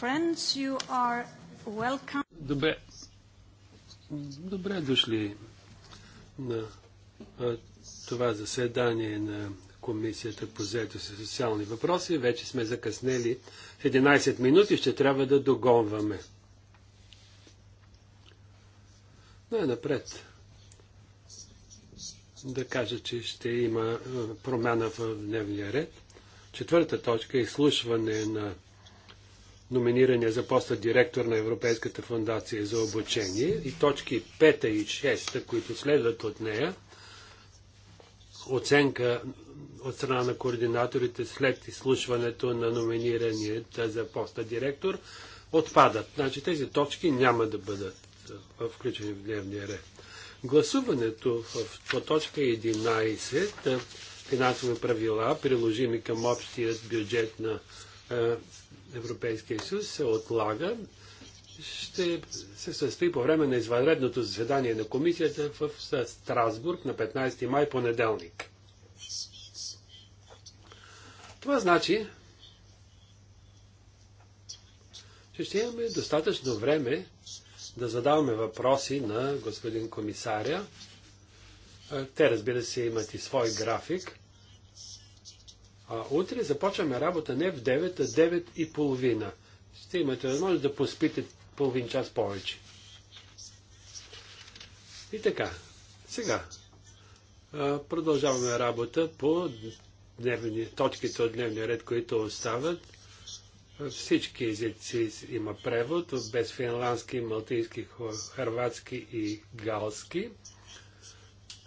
friends, you are welcome. Добре. Добре дошли на това заседание на Комисията по заето с социални въпроси. Вече сме закъснели 11 минути, ще трябва да догонваме. Най-напред да кажа, че ще има промяна в дневния ред. Четвърта точка е изслушване на номинирания за поста директор на Европейската фундация за обучение и точки 5 и 6, които следват от нея, оценка от страна на координаторите след изслушването на номинирания за поста директор, отпадат. Значи тези точки няма да бъдат включени в дневния ред. Гласуването в, по точка 11 финансови правила, приложими към общия бюджет на Европейския съюз се отлага. Ще се състои по време на извънредното заседание на комисията в Страсбург на 15 май понеделник. Това значи, че ще имаме достатъчно време да задаваме въпроси на господин комисаря. Те, разбира се, имат и свой график. А утре започваме работа не в 9, а 9 и половина. Ще имате възможност да поспите половин час повече. И така, сега продължаваме работа по дневни, точките от дневния ред, които остават. Всички езици има превод, без финландски, малтийски, хърватски и галски.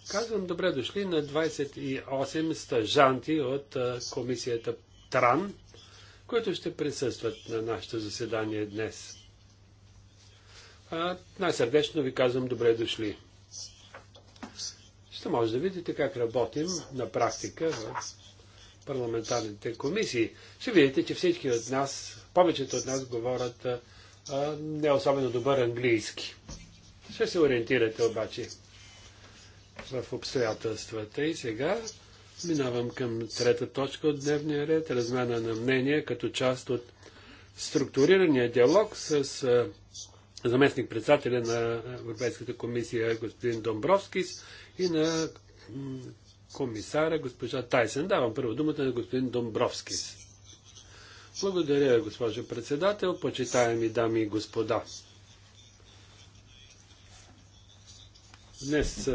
Казвам добре дошли на 28 стъжанти от комисията ТРАН, които ще присъстват на нашето заседание днес. най-сърдечно ви казвам добре дошли. Ще може да видите как работим на практика в парламентарните комисии. Ще видите, че всички от нас, повечето от нас говорят не особено добър английски. Ще се ориентирате обаче в обстоятелствата. И сега минавам към трета точка от дневния ред, размяна на мнение като част от структурирания диалог с заместник председателя на Европейската комисия господин Домбровскис и на комисара госпожа Тайсен. Давам първо думата на господин Домбровскис. Благодаря, госпожо председател, почитаеми дами и господа. Днес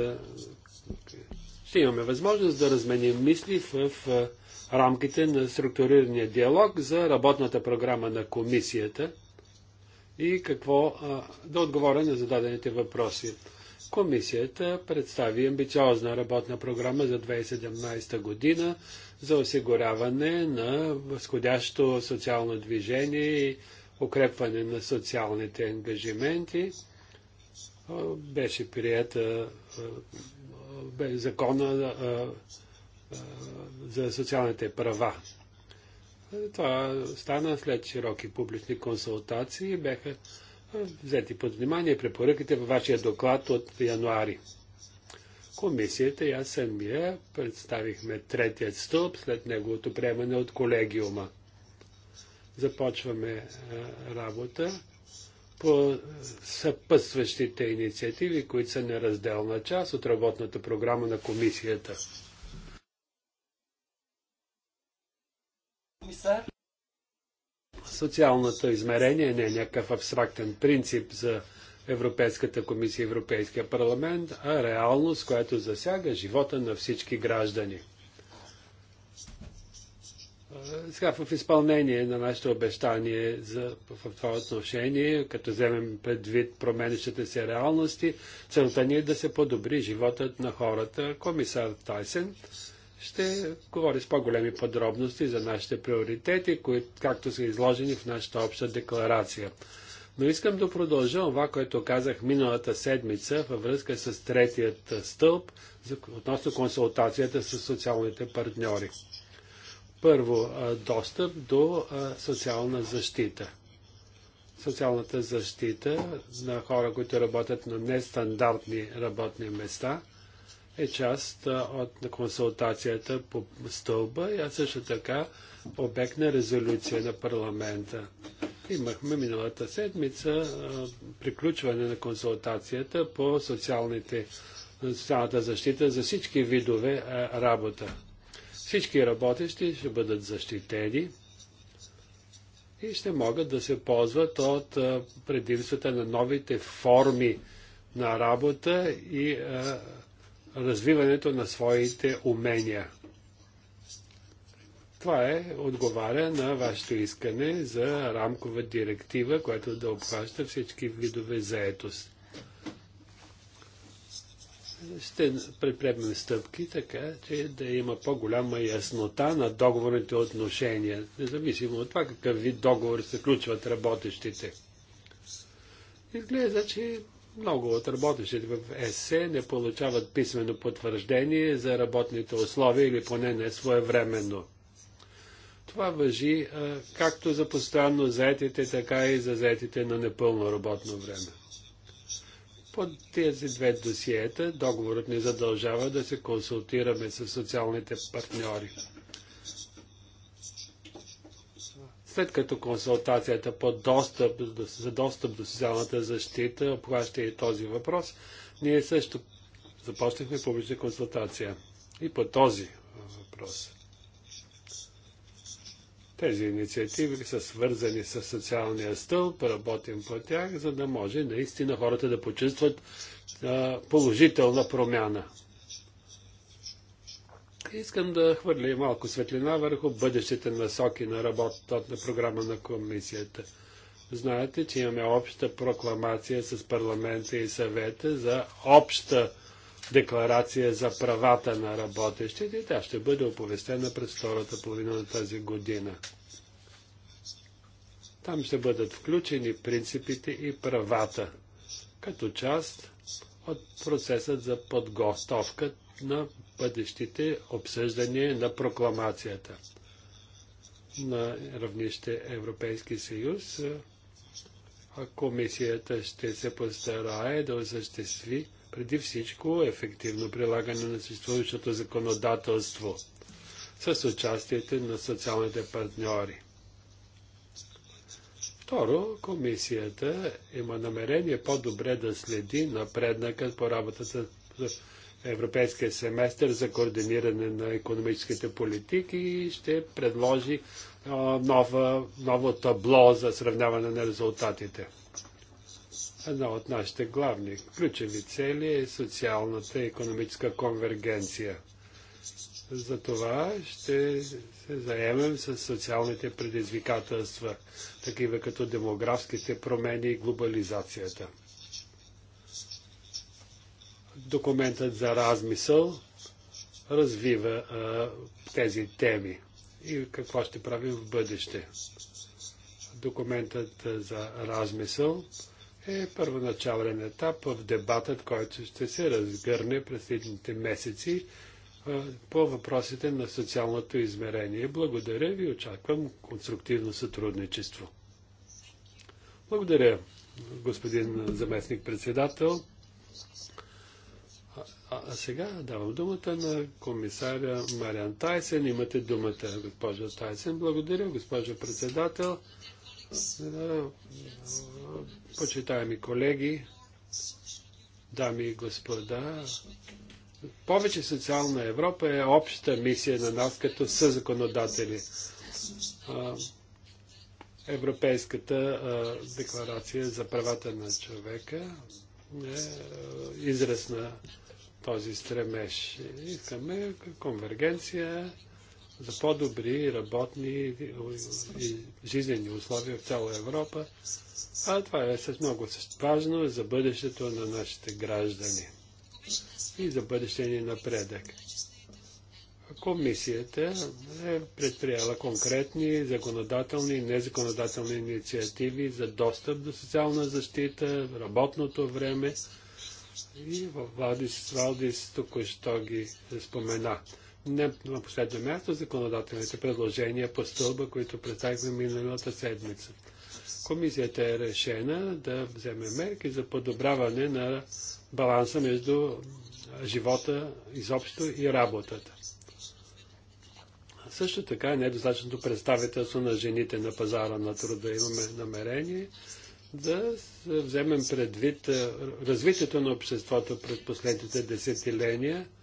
ще имаме възможност да разменим мисли в рамките на структурирания диалог за работната програма на комисията и какво да отговоря на зададените въпроси. Комисията представи амбициозна работна програма за 2017 година за осигуряване на възходящо социално движение и укрепване на социалните ангажименти беше прията закона за социалните права. Това стана след широки публични консултации и бяха взети под внимание препоръките във вашия доклад от януари. Комисията и аз самия представихме третият стълб след неговото приемане от колегиума. Започваме работа по съпътстващите инициативи, които са неразделна част от работната програма на комисията. Социалното измерение не е някакъв абстрактен принцип за Европейската комисия и Европейския парламент, а реалност, която засяга живота на всички граждани. Е, сега в изпълнение на нашето обещание за, в това отношение, като вземем предвид променещите се реалности, целта ни е да се подобри животът на хората. Комисар Тайсен ще говори с по-големи подробности за нашите приоритети, които, както са изложени в нашата обща декларация. Но искам да продължа това, което казах миналата седмица във връзка с третият стълб относно консултацията с социалните партньори. Първо, достъп до социална защита. Социалната защита на хора, които работят на нестандартни работни места, е част от консултацията по стълба, а също така обект на резолюция на парламента. Имахме миналата седмица приключване на консултацията по социалните, социалната защита за всички видове работа. Всички работещи ще бъдат защитени и ще могат да се ползват от предимствата на новите форми на работа и развиването на своите умения. Това е отговаря на вашето искане за рамкова директива, която да обхваща всички видове заетост ще предприемем стъпки, така че да има по-голяма яснота на договорните отношения, независимо от това какъв вид договор се включват работещите. Изглежда, че много от работещите в ЕСЕ не получават писмено потвърждение за работните условия или поне не своевременно. Това въжи а, както за постоянно заетите, така и за заетите на непълно работно време. По тези две досиета договорът ни задължава да се консултираме с социалните партньори. След като консултацията по достъп, за достъп до социалната защита обхваща и този въпрос, ние също започнахме публична консултация и по този въпрос. Тези инициативи са свързани с социалния стълб, работим по тях, за да може наистина хората да почувстват положителна промяна. Искам да хвърля малко светлина върху бъдещите насоки на работната програма на комисията. Знаете, че имаме обща прокламация с парламента и съвета за обща декларация за правата на работещите и тя ще бъде оповестена през втората половина на тази година. Там ще бъдат включени принципите и правата като част от процесът за подготовка на бъдещите обсъждания на прокламацията на равнище Европейски съюз. А комисията ще се постарае да осъществи преди всичко ефективно прилагане на съществуващото законодателство с участието на социалните партньори. Второ, комисията има намерение по-добре да следи напреднакът по работата с Европейския семестър за координиране на економическите политики и ще предложи а, нова, ново табло за сравняване на резултатите. Една от нашите главни ключови цели е социалната и економическа конвергенция. Затова ще се заемем с социалните предизвикателства, такива като демографските промени и глобализацията. Документът за размисъл развива а, тези теми и какво ще правим в бъдеще. Документът за размисъл е първоначален етап в дебатът, който ще се разгърне през следните месеци по въпросите на социалното измерение. Благодаря ви, очаквам конструктивно сътрудничество. Благодаря, господин заместник-председател. А, а сега давам думата на комисаря Мариан Тайсен. Имате думата, госпожа Тайсен. Благодаря, госпожа председател почитаеми колеги, дами и господа, повече социална Европа е обща мисия на нас като съзаконодатели. Европейската декларация за правата на човека е израз на този стремеж. Искаме конвергенция, за по-добри работни и жизнени условия в цяла Европа, а това е с много важно за бъдещето на нашите граждани и за бъдеще ни напредък. Комисията е предприела конкретни законодателни и незаконодателни инициативи за достъп до социална защита, работното време и Владис, Валдис току-що ги спомена. Не на последно място законодателните предложения по стълба, които представихме миналата седмица. Комисията е решена да вземе мерки за подобряване на баланса между живота изобщо и работата. Също така е недостатъчното представителство на жените на пазара на труда. Имаме намерение да вземем предвид развитието на обществото през последните десетиления –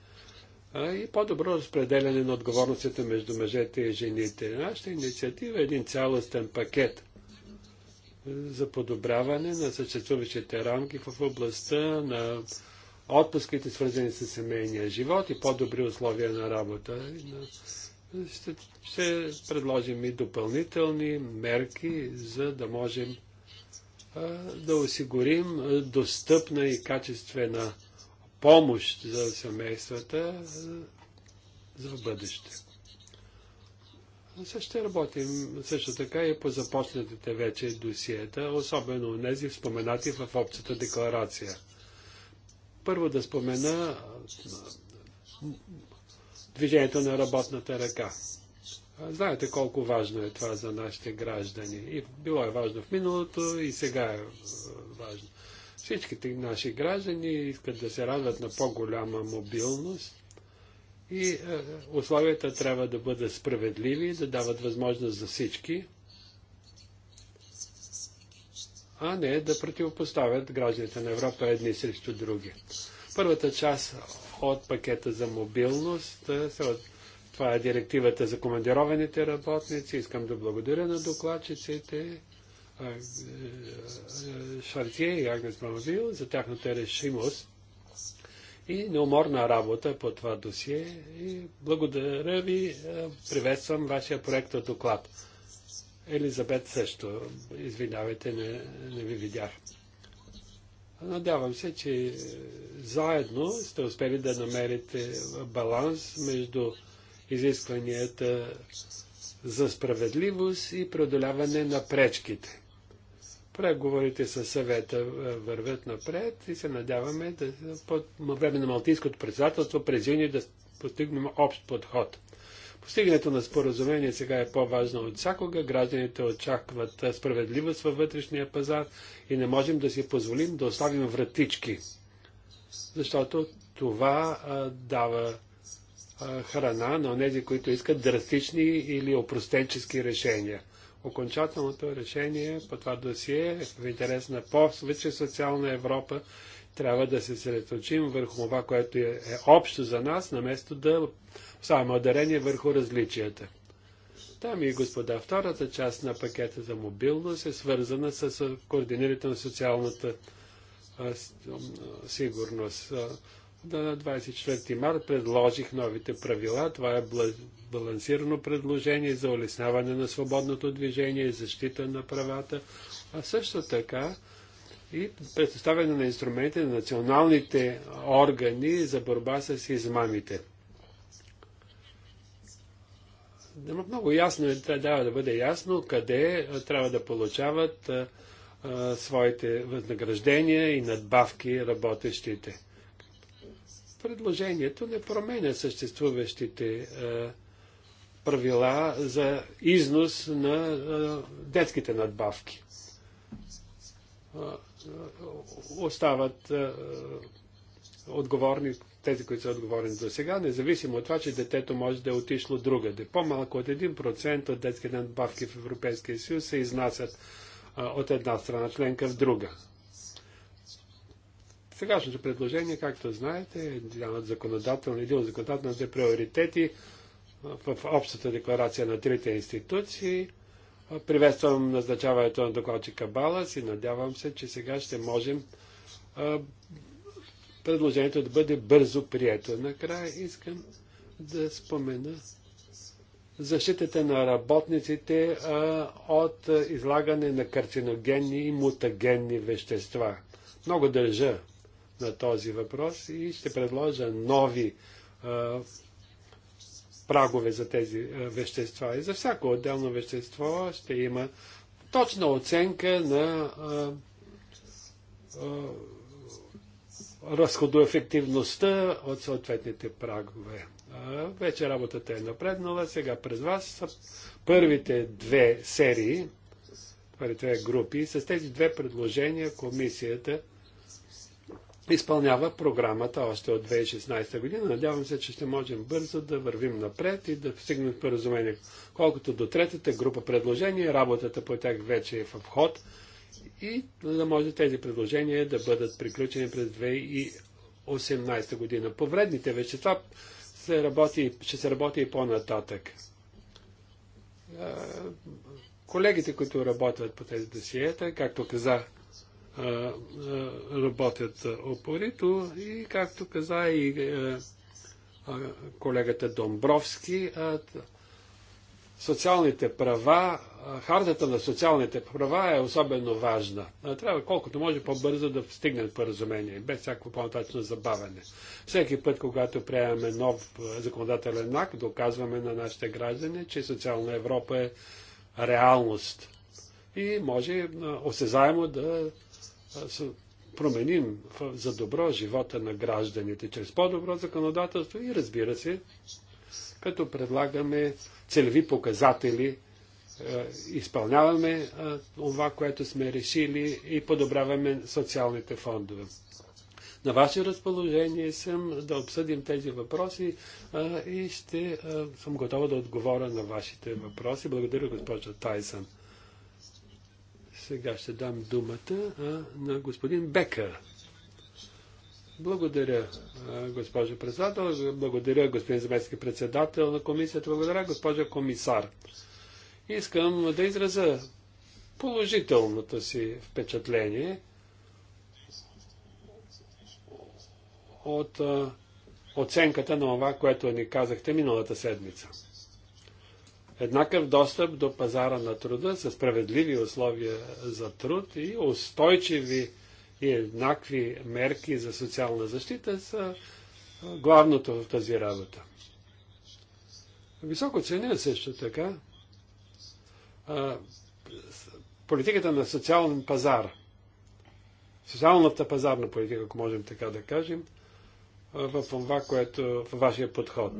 и по-добро разпределяне на отговорностите между мъжете и жените. Нашата инициатива е един цялостен пакет за подобряване на съществуващите рамки в областта на отпуските, свързани с семейния живот и по-добри условия на работа. Ще, ще предложим и допълнителни мерки, за да можем а, да осигурим достъпна и качествена помощ за семействата за, за бъдеще. Също ще работим също така и по започнатите вече досиета, особено тези споменати в общата декларация. Първо да спомена движението на работната ръка. Знаете колко важно е това за нашите граждани. И било е важно в миналото, и сега е важно. Всичките наши граждани искат да се радват на по-голяма мобилност и е, условията трябва да бъдат справедливи, да дават възможност за всички, а не да противопоставят гражданите на Европа едни срещу други. Първата част от пакета за мобилност, е, това е директивата за командированите работници. Искам да благодаря на докладчиците Шартие и Агнес Брамавил за тяхната решимост и неуморна работа по това досие. И благодаря ви, е, приветствам вашия проект от доклад. Елизабет също, извинявайте, не, не ви видях. Надявам се, че е, заедно сте успели да намерите баланс между изискванията за справедливост и преодоляване на пречките. Преговорите с съвета е, вървят напред и се надяваме да по време на Малтийското председателство през юни да постигнем общ подход. Постигането на споразумение сега е по-важно от всякога. Гражданите очакват е, справедливост във вътрешния пазар и не можем да си позволим да оставим вратички, защото това а, е, дава а, храна на тези, които искат драстични или опростенчески решения окончателното решение по това досие е в интерес на повече социална Европа трябва да се средоточим върху това, което е, е общо за нас, наместо да само ударение върху различията. Дами и господа, втората част на пакета за мобилност е свързана с координирането на социалната а, сигурност на 24 март предложих новите правила. Това е балансирано предложение за улесняване на свободното движение и защита на правата, а също така и предоставяне на инструменти на националните органи за борба с измамите. Много ясно е, трябва да бъде ясно къде трябва да получават своите възнаграждения и надбавки работещите предложението не променя съществуващите а, е, правила за износ на а, е, детските надбавки. А, е, остават отговорни, тези, които са отговорни до сега, независимо от това, че детето може да е отишло другаде. По-малко от 1% от детските надбавки в Европейския съюз се изнасят от една страна членка в друга. Сегашното предложение, както знаете, е един от законодателните приоритети в общата декларация на трите институции. Приветствам назначаването на докладчика Балас и надявам се, че сега ще можем предложението да бъде бързо прието. Накрая искам да спомена защитата на работниците от излагане на карциногенни и мутагенни вещества. Много държа на този въпрос и ще предложа нови а, прагове за тези а, вещества. И за всяко отделно вещество ще има точна оценка на а, а, разходоефективността от съответните прагове. А, вече работата е напреднала. Сега през вас са първите две серии, първите две групи. С тези две предложения комисията изпълнява програмата още от 2016 година. Надявам се, че ще можем бързо да вървим напред и да стигнем споразумение. Колкото до третата група предложения, работата по тях вече е в обход и да може тези предложения да бъдат приключени през 2018 година. По вредните вещества се работи, ще се работи и по-нататък. Е, колегите, които работят по тези досиета, както каза работят опорито и, както каза и колегата Домбровски, социалните права, хартата на социалните права е особено важна. Трябва колкото може по-бързо да стигнат поразумение, без всяко по-нататъчно забавяне. Всеки път, когато приемаме нов законодателен акт, доказваме на нашите граждани, че социална Европа е реалност и може осезаемо да променим за добро живота на гражданите чрез по-добро законодателство и разбира се, като предлагаме целеви показатели, изпълняваме това, което сме решили и подобряваме социалните фондове. На ваше разположение съм да обсъдим тези въпроси а, и ще а, съм готова да отговоря на вашите въпроси. Благодаря, госпожа Тайсън. Сега ще дам думата а, на господин Бекър. Благодаря, госпожо председател. Благодаря, господин заместник председател на комисията. Благодаря, госпожа комисар. Искам да изразя положителното си впечатление от оценката на това, което ни казахте миналата седмица еднакъв достъп до пазара на труда с справедливи условия за труд и устойчиви и еднакви мерки за социална защита са главното в тази работа. Високо ценя също така политиката на социален пазар, социалната пазарна политика, ако можем така да кажем, в това, което във вашия подход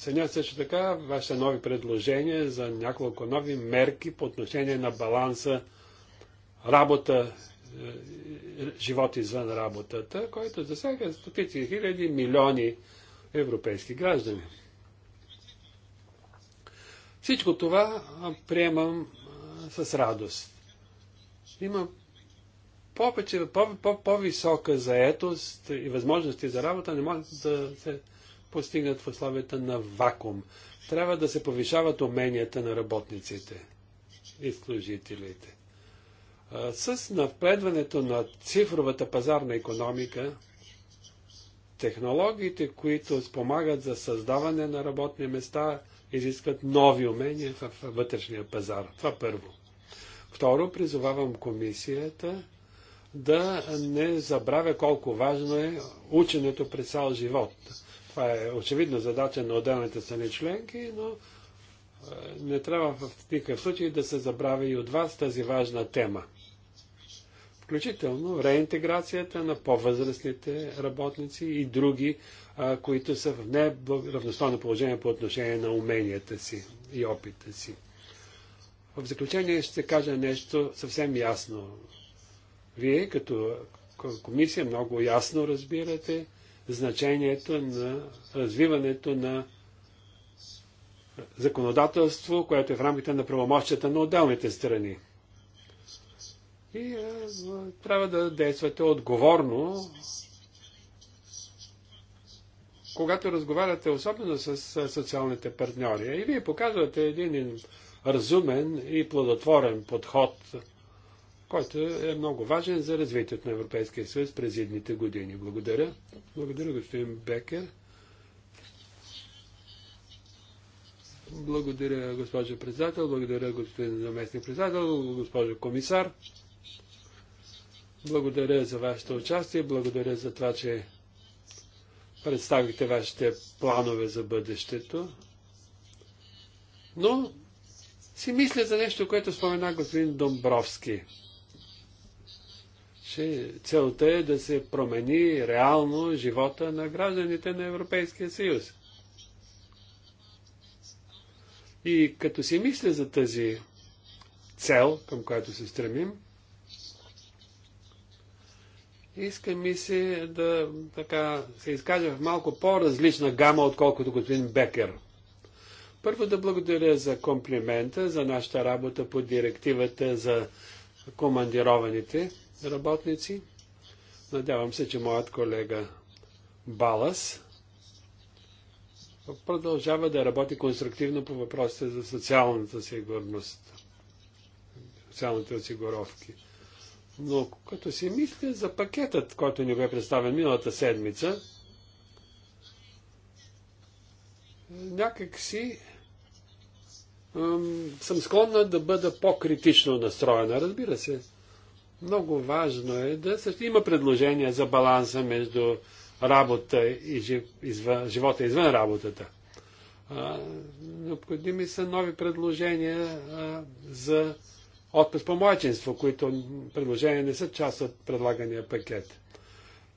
Ценя също така вашите нови предложения за няколко нови мерки по отношение на баланса работа, е, живот извън работата, който засяга стотици хиляди милиони европейски граждани. Всичко това приемам с радост. Има повече, по-висока по по заетост и възможности за работа не може да се постигнат в условията на вакуум. Трябва да се повишават уменията на работниците и служителите. С напредването на цифровата пазарна економика, технологиите, които спомагат за създаване на работни места, изискват нови умения в вътрешния пазар. Това първо. Второ, призовавам комисията да не забравя колко важно е ученето през цял живот. Това е очевидна задача на отделните страни членки, но е, не трябва в никакъв случай да се забравя и от вас тази важна тема. Включително реинтеграцията на по-възрастните работници и други, които са в неравностойно положение по отношение на уменията си и опита си. В заключение ще кажа нещо съвсем ясно. Вие като комисия много ясно разбирате, значението на развиването на законодателство, което е в рамките на правомощията на отделните страни. И а, трябва да действате отговорно, когато разговаряте особено с социалните партньори. И вие показвате един разумен и плодотворен подход който е много важен за развитието на Европейския съюз през едните години. Благодаря. Благодаря, господин Бекер. Благодаря, госпожо председател. Благодаря, господин заместник председател, госпожо комисар. Благодаря за вашето участие. Благодаря за това, че представихте вашите планове за бъдещето. Но си мисля за нещо, което спомена господин Домбровски че целта е да се промени реално живота на гражданите на Европейския съюз. И като си мисля за тази цел, към която се стремим, иска ми се да така, се изкажа в малко по-различна гама, отколкото господин Бекер. Първо да благодаря за комплимента за нашата работа по директивата за командированите работници. Надявам се, че моят колега Балас продължава да работи конструктивно по въпросите за социалната сигурност, социалните осигуровки. Но като си мисля за пакетът, който ни бе представен миналата седмица, някак си съм склонна да бъда по-критично настроена. Разбира се, много важно е да също има предложения за баланса между работа и извън... живота извън работата. А, необходими са нови предложения а, за отпуск по младенство, които предложения не са част от предлагания пакет.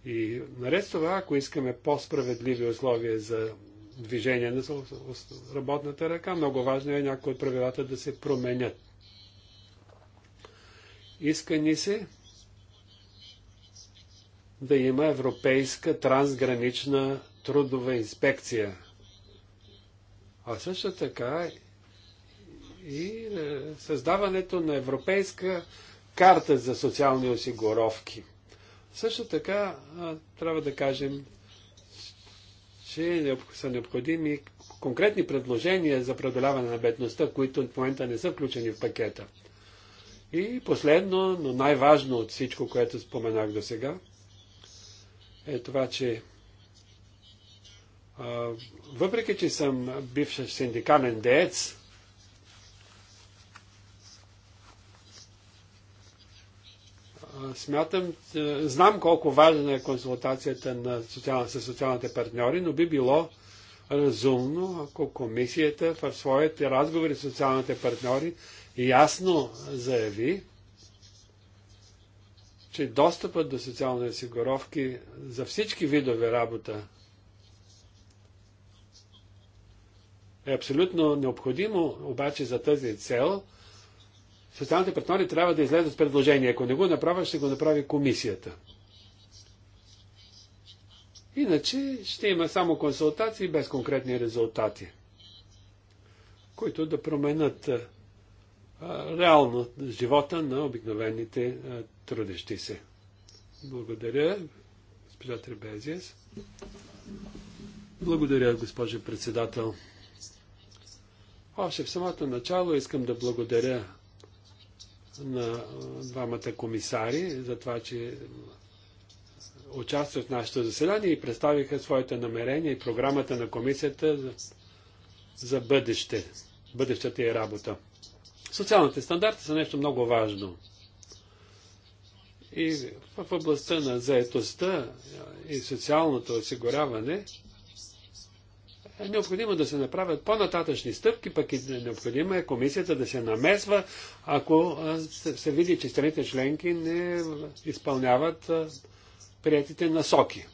И наред с това, ако искаме по-справедливи условия за движение на работната ръка, много важно е някои от правилата да се променят. Иска ни се да има европейска трансгранична трудова инспекция. А също така и е, създаването на европейска карта за социални осигуровки. Също така е, трябва да кажем, че е са необходими конкретни предложения за преодоляване на бедността, които в момента не са включени в пакета. И последно, но най-важно от всичко, което споменах до сега, е това, че а, въпреки, че съм бивш синдикален деец, смятам, знам колко важна е консултацията на социална, с социалните партньори, но би било разумно, ако комисията в своите разговори с социалните партньори ясно заяви, че достъпът до социални осигуровки за всички видове работа е абсолютно необходимо, обаче за тази цел социалните партньори трябва да излезат с предложение. Ако не го направят, ще го направи комисията. Иначе ще има само консултации без конкретни резултати, които да променят реално живота на обикновените трудещи се. Благодаря, госпожа Требезиес. Благодаря, госпожа председател. Още в самото начало искам да благодаря на двамата комисари за това, че участват в нашето заседание и представиха своите намерения и програмата на комисията за, бъдеще, бъдещата и работа. Социалните стандарти са нещо много важно. И в областта на заетостта и социалното осигуряване е необходимо да се направят по-нататъчни стъпки, пък и е необходимо е комисията да се намесва, ако се види, че страните членки не изпълняват приятите насоки.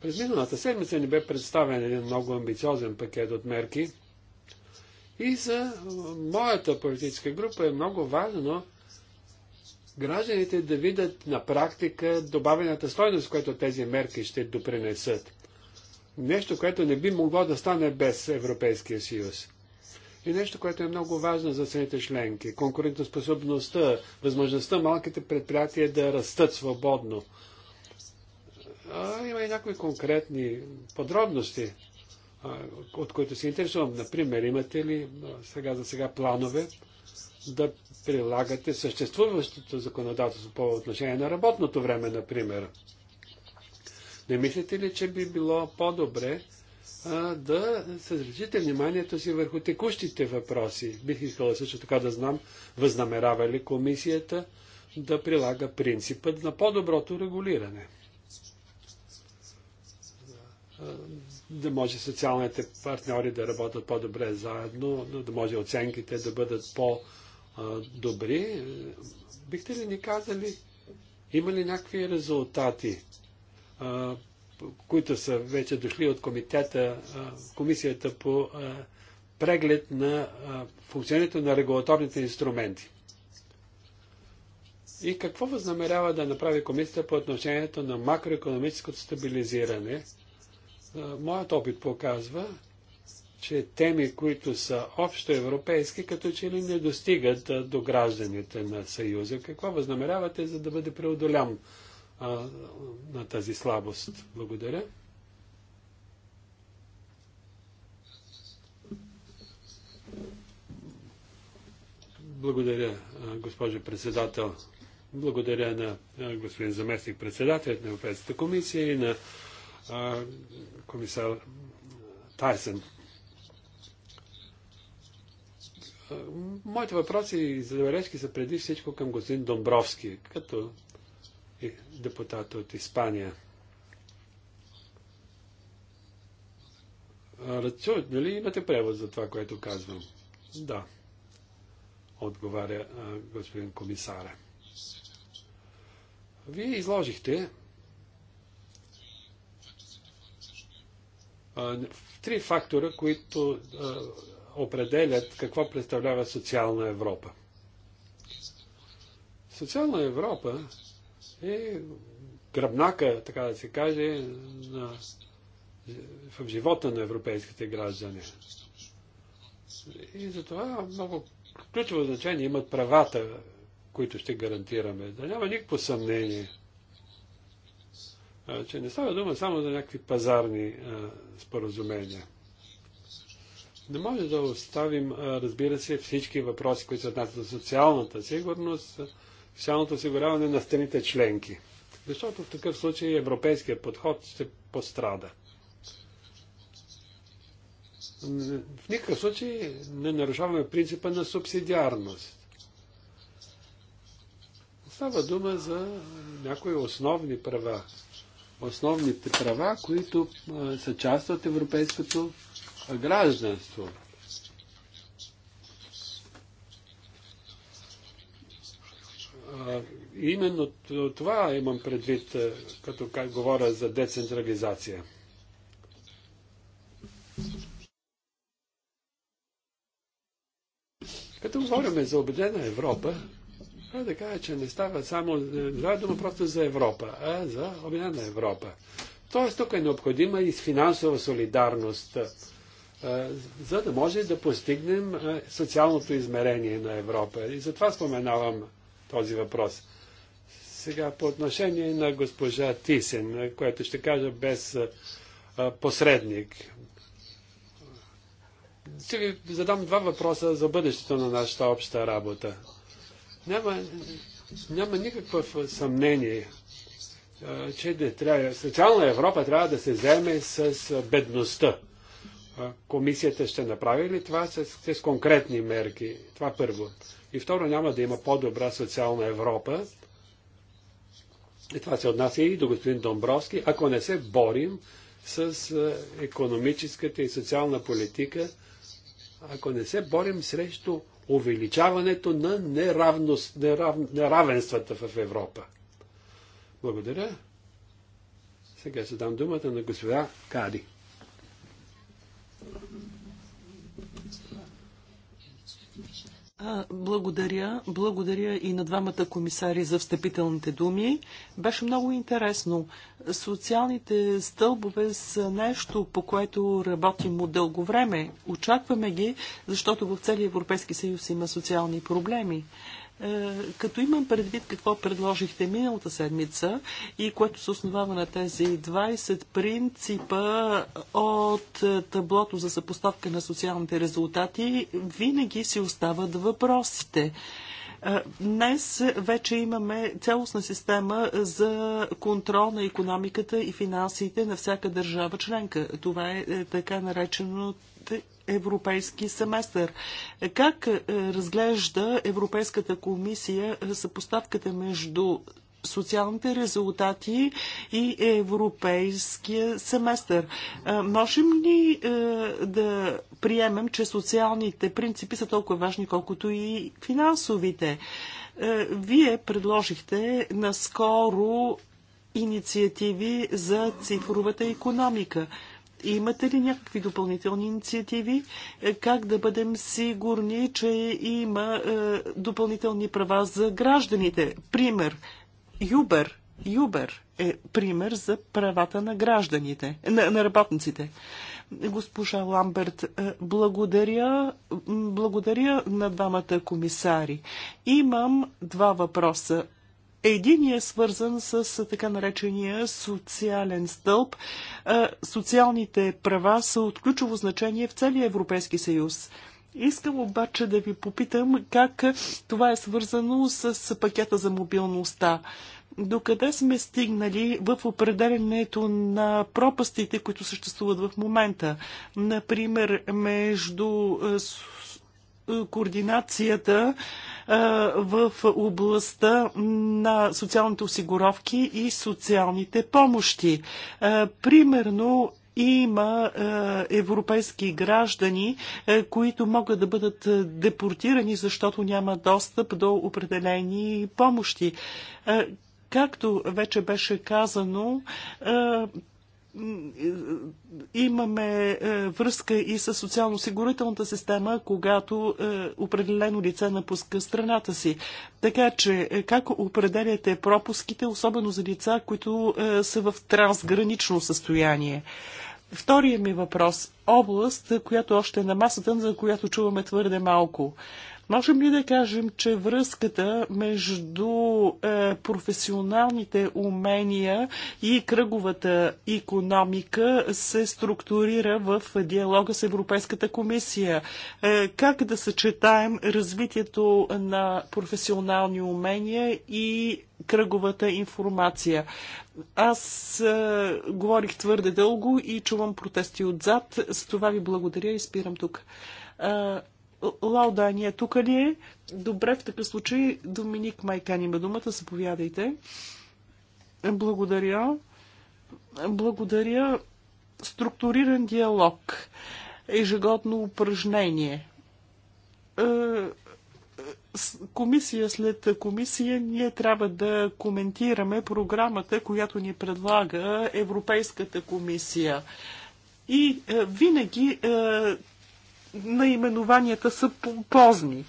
През миналата седмица ни бе представен един много амбициозен пакет от мерки, и за моята политическа група е много важно гражданите да видят на практика добавената стойност, която тези мерки ще допринесат. Нещо, което не би могло да стане без Европейския съюз. И нещо, което е много важно за самите членки. Конкурентоспособността, възможността малките предприятия да растат свободно. А, има и някои конкретни подробности от които се интересувам. Например, имате ли сега за сега планове да прилагате съществуващото законодателство по отношение на работното време, например? Не мислите ли, че би било по-добре да съсредоточите вниманието си върху текущите въпроси? Бих искала също така да знам, възнамерава ли комисията да прилага принципът на по-доброто регулиране? да може социалните партньори да работят по-добре заедно, да може оценките да бъдат по-добри. Бихте ли ни казали, има ли някакви резултати, които са вече дошли от комитета, комисията по преглед на функционирането на регулаторните инструменти? И какво възнамерява да направи комисията по отношението на макроекономическото стабилизиране – Моят опит показва, че теми, които са общо европейски, като че ли не достигат до гражданите на Съюза. Какво възнамерявате, за да бъде преодолян а, на тази слабост? Благодаря. Благодаря, госпожо председател. Благодаря на господин заместник председател на Европейската комисия и на комисар Тайсен. Моите въпроси и забележки са преди всичко към господин Домбровски, като депутат от Испания. Рацио, нали имате превод за това, което казвам? Да, отговаря господин комисаря. Вие изложихте три фактора, които определят какво представлява социална Европа. Социална Европа е гръбнака, така да се каже, на, в живота на европейските граждани. И затова много ключово значение имат правата, които ще гарантираме. Да няма никакво съмнение – че не става дума само за някакви пазарни споразумения. Не може да оставим, разбира се, всички въпроси, които се отнасят за социалната сигурност, социалното осигуряване на страните членки. Защото в такъв случай европейският подход ще пострада. В никакъв случай не нарушаваме принципа на субсидиарност. Става дума за някои основни права, основните права, които са част от европейското гражданство. Именно това имам предвид, като говоря за децентрализация. Като говорим за обедена Европа, а да кажа, че не става само, за дума просто за Европа, а за обединена Европа. Тоест, тук е необходима и с финансова солидарност, за да може да постигнем социалното измерение на Европа. И затова споменавам този въпрос. Сега по отношение на госпожа Тисен, което ще кажа без посредник. Ще ви задам два въпроса за бъдещето на нашата обща работа. Няма, няма никакво съмнение, че не трябва, социална Европа трябва да се вземе с бедността. Комисията ще направи ли това с, с конкретни мерки? Това първо. И второ, няма да има по-добра социална Европа. И това се отнася и до господин Домбровски, ако не се борим с економическата и социална политика, ако не се борим срещу увеличаването на неравност, нерав, неравенствата в Европа. Благодаря. Сега се дам думата на господа Кади. Благодаря. Благодаря и на двамата комисари за встъпителните думи. Беше много интересно. Социалните стълбове са нещо, по което работим от дълго време. Очакваме ги, защото в целия Европейски съюз има социални проблеми. Е, като имам предвид какво предложихте миналата седмица и което се основава на тези 20 принципа от е, таблото за съпоставка на социалните резултати, винаги си остават въпросите. Е, днес вече имаме цялостна система за контрол на економиката и финансите на всяка държава членка. Това е така нареченото европейски семестър. Как е, разглежда Европейската комисия е, съпоставката между социалните резултати и европейския семестър. Е, можем ли да приемем, че социалните принципи са толкова важни, колкото и финансовите? Вие предложихте наскоро инициативи за цифровата економика – Имате ли някакви допълнителни инициативи? Е, как да бъдем сигурни, че има е, допълнителни права за гражданите? Пример. Юбер. Юбер е пример за правата на гражданите, на, на работниците. Госпожа Ламберт, е, благодаря, благодаря на двамата комисари. Имам два въпроса. Един е свързан с така наречения социален стълб. Социалните права са от ключово значение в целия Европейски съюз. Искам обаче да ви попитам как това е свързано с пакета за мобилността. Докъде сме стигнали в определенето на пропастите, които съществуват в момента? Например, между координацията в областта на социалните осигуровки и социалните помощи. Примерно има европейски граждани, които могат да бъдат депортирани, защото няма достъп до определени помощи. Както вече беше казано, имаме е, връзка и с социално сигурителната система, когато е, определено лице напуска страната си. Така че, е, как определяте пропуските, особено за лица, които са в трансгранично състояние? Втория ми въпрос. Област, която още е на масата, за която чуваме твърде малко. Можем ли да кажем, че връзката между е, професионалните умения и кръговата економика се структурира в диалога с Европейската комисия? Е, как да съчетаем развитието на професионални умения и кръговата информация. Аз е, говорих твърде дълго и чувам протести отзад. С това ви благодаря и спирам тук. Е, Лаудания тук ли е? Добре, в такъв случай Доминик Майкан има думата, заповядайте. Благодаря. Благодаря. Структуриран диалог. Ежегодно упражнение. Е, комисия след комисия ние трябва да коментираме програмата, която ни предлага Европейската комисия. И е, винаги е, наименованията са позни.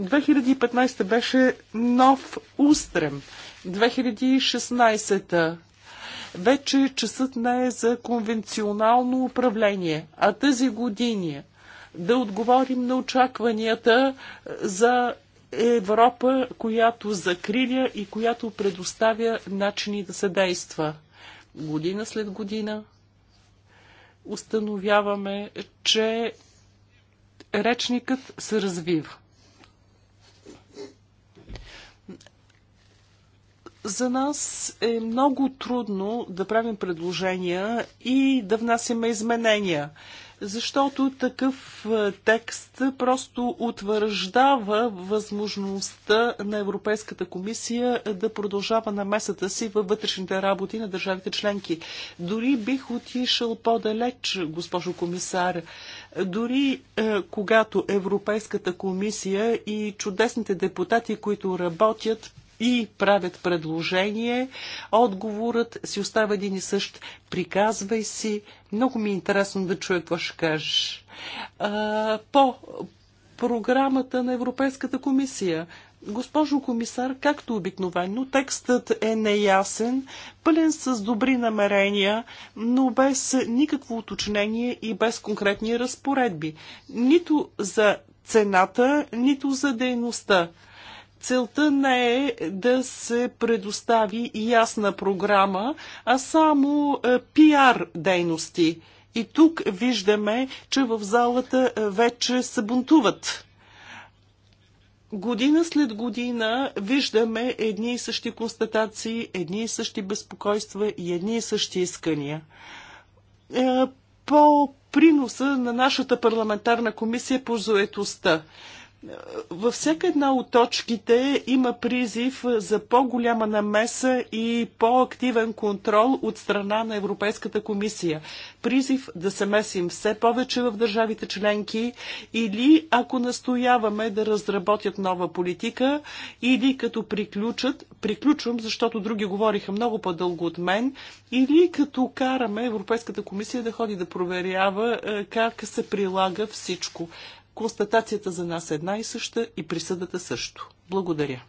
2015 беше нов устрем. 2016 вече часът не е за конвенционално управление, а тази години да отговорим на очакванията за Европа, която закриля и която предоставя начини да се действа. Година след година установяваме, че речникът се развива. За нас е много трудно да правим предложения и да внасяме изменения, защото такъв е, текст просто утвърждава възможността на Европейската комисия да продължава намесата си във вътрешните работи на държавите членки. Дори бих отишъл по-далеч, госпожо комисар. Дори е, когато Европейската комисия и чудесните депутати, които работят и правят предложение, отговорът си остава един и същ. Приказвай си. Много ми е интересно да чуя какво ще кажеш. А, е, по програмата на Европейската комисия. Госпожо комисар, както обикновено, текстът е неясен, пълен с добри намерения, но без никакво уточнение и без конкретни разпоредби. Нито за цената, нито за дейността. Целта не е да се предостави ясна програма, а само е, пиар дейности. И тук виждаме, че в залата е, вече се бунтуват. Година след година виждаме едни и същи констатации, едни и същи безпокойства и едни и същи искания. Е, по приноса на нашата парламентарна комисия по заетостта. Във всяка една от точките има призив за по-голяма намеса и по-активен контрол от страна на Европейската комисия. Призив да се месим все повече в държавите членки или ако настояваме да разработят нова политика или като приключат, приключвам, защото други говориха много по-дълго от мен, или като караме Европейската комисия да ходи да проверява е, как се прилага всичко. Констатацията за нас е една и съща и присъдата също. Благодаря.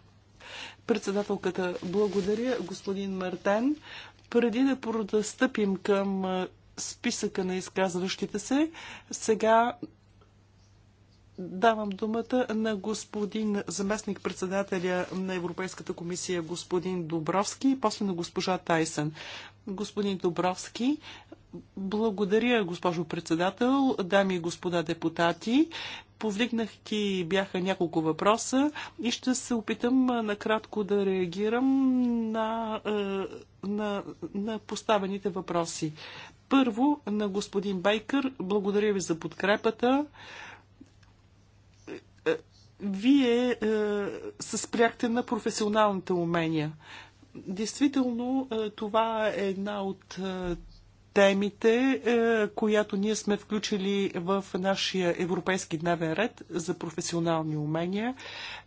Председателката, благодаря, господин Мартен. Преди да продъстъпим към списъка на изказващите се, сега Давам думата на господин заместник председателя на Европейската комисия господин Добровски и после на госпожа Тайсън. Господин Добровски, благодаря, госпожо председател, дами и господа депутати. Повдигнах ти бяха няколко въпроса и ще се опитам накратко да реагирам на, на, на поставените въпроси. Първо, на господин Байкър, благодаря ви за подкрепата. Вие се спряхте на професионалните умения. Действително, това е една от темите, е, която ние сме включили в нашия европейски дневен ред за професионални умения.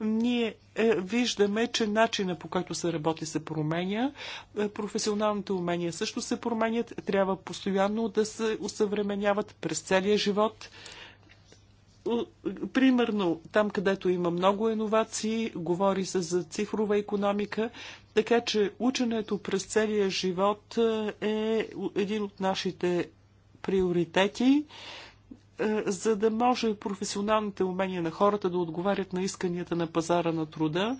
Ние е, виждаме, че начина по който се работи се променя. Е, професионалните умения също се променят. Трябва постоянно да се усъвременяват през целия живот примерно там, където има много иновации, говори се за цифрова економика, така че ученето през целия живот е, е един от нашите приоритети, е, за да може професионалните умения на хората да отговарят на исканията на пазара на труда,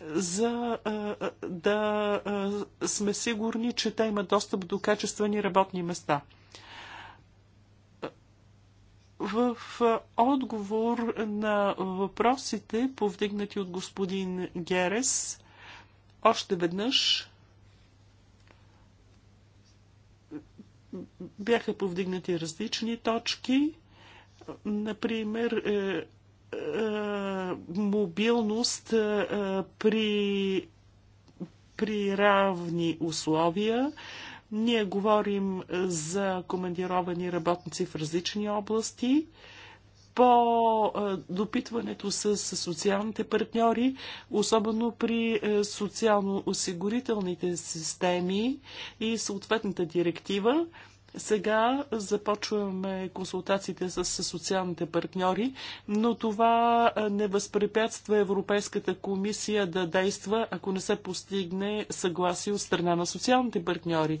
за е, да сме сигурни, че те имат достъп до качествени работни места. В отговор на въпросите, повдигнати от господин Герес, още веднъж бяха повдигнати различни точки, например е, е, мобилност е, при, при равни условия. Ние говорим за командировани работници в различни области по допитването с социалните партньори, особено при социално-осигурителните системи и съответната директива. Сега започваме консултациите с социалните партньори, но това не възпрепятства Европейската комисия да действа, ако не се постигне съгласие от страна на социалните партньори.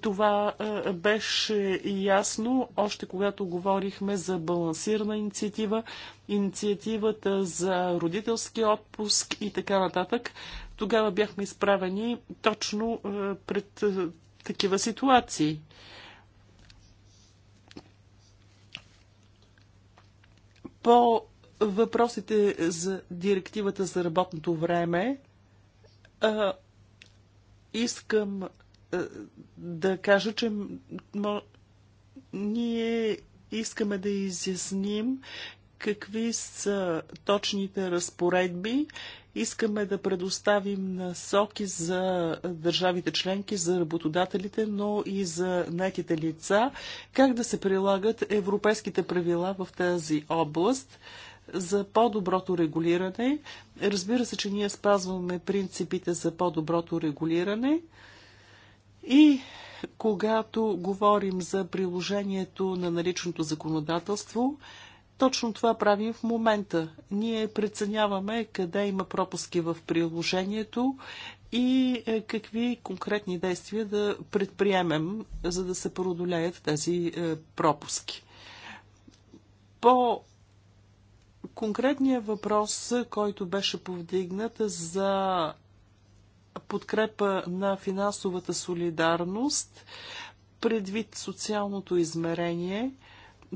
Това е, беше ясно още когато говорихме за балансирана инициатива, инициативата за родителски отпуск и така нататък. Тогава бяхме изправени точно е, пред е, такива ситуации. По въпросите за директивата за работното време, искам е, да кажа, че ние искаме да изясним какви са точните разпоредби. Искаме да предоставим насоки за държавите членки, за работодателите, но и за наетите лица, как да се прилагат европейските правила в тази област за по-доброто регулиране. Разбира се, че ние спазваме принципите за по-доброто регулиране. И когато говорим за приложението на наличното законодателство, точно това правим в момента. Ние преценяваме къде има пропуски в приложението и е, какви конкретни действия да предприемем, за да се преодолеят тези е, пропуски. По конкретния въпрос, който беше повдигнат за подкрепа на финансовата солидарност предвид социалното измерение.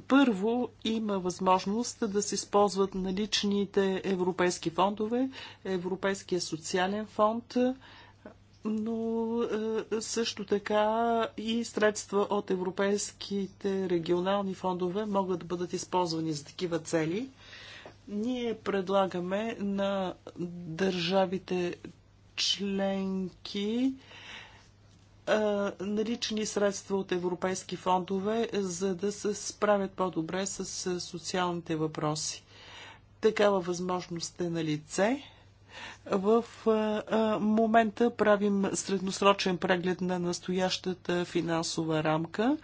Първо има възможност да се използват наличните европейски фондове, Европейския социален фонд, но е, също така и средства от европейските регионални фондове могат да бъдат използвани за такива цели. Ние предлагаме на държавите членки налични средства от европейски фондове, за да се справят по-добре с социалните въпроси. Такава възможност е на лице. В момента правим средносрочен преглед на настоящата финансова рамка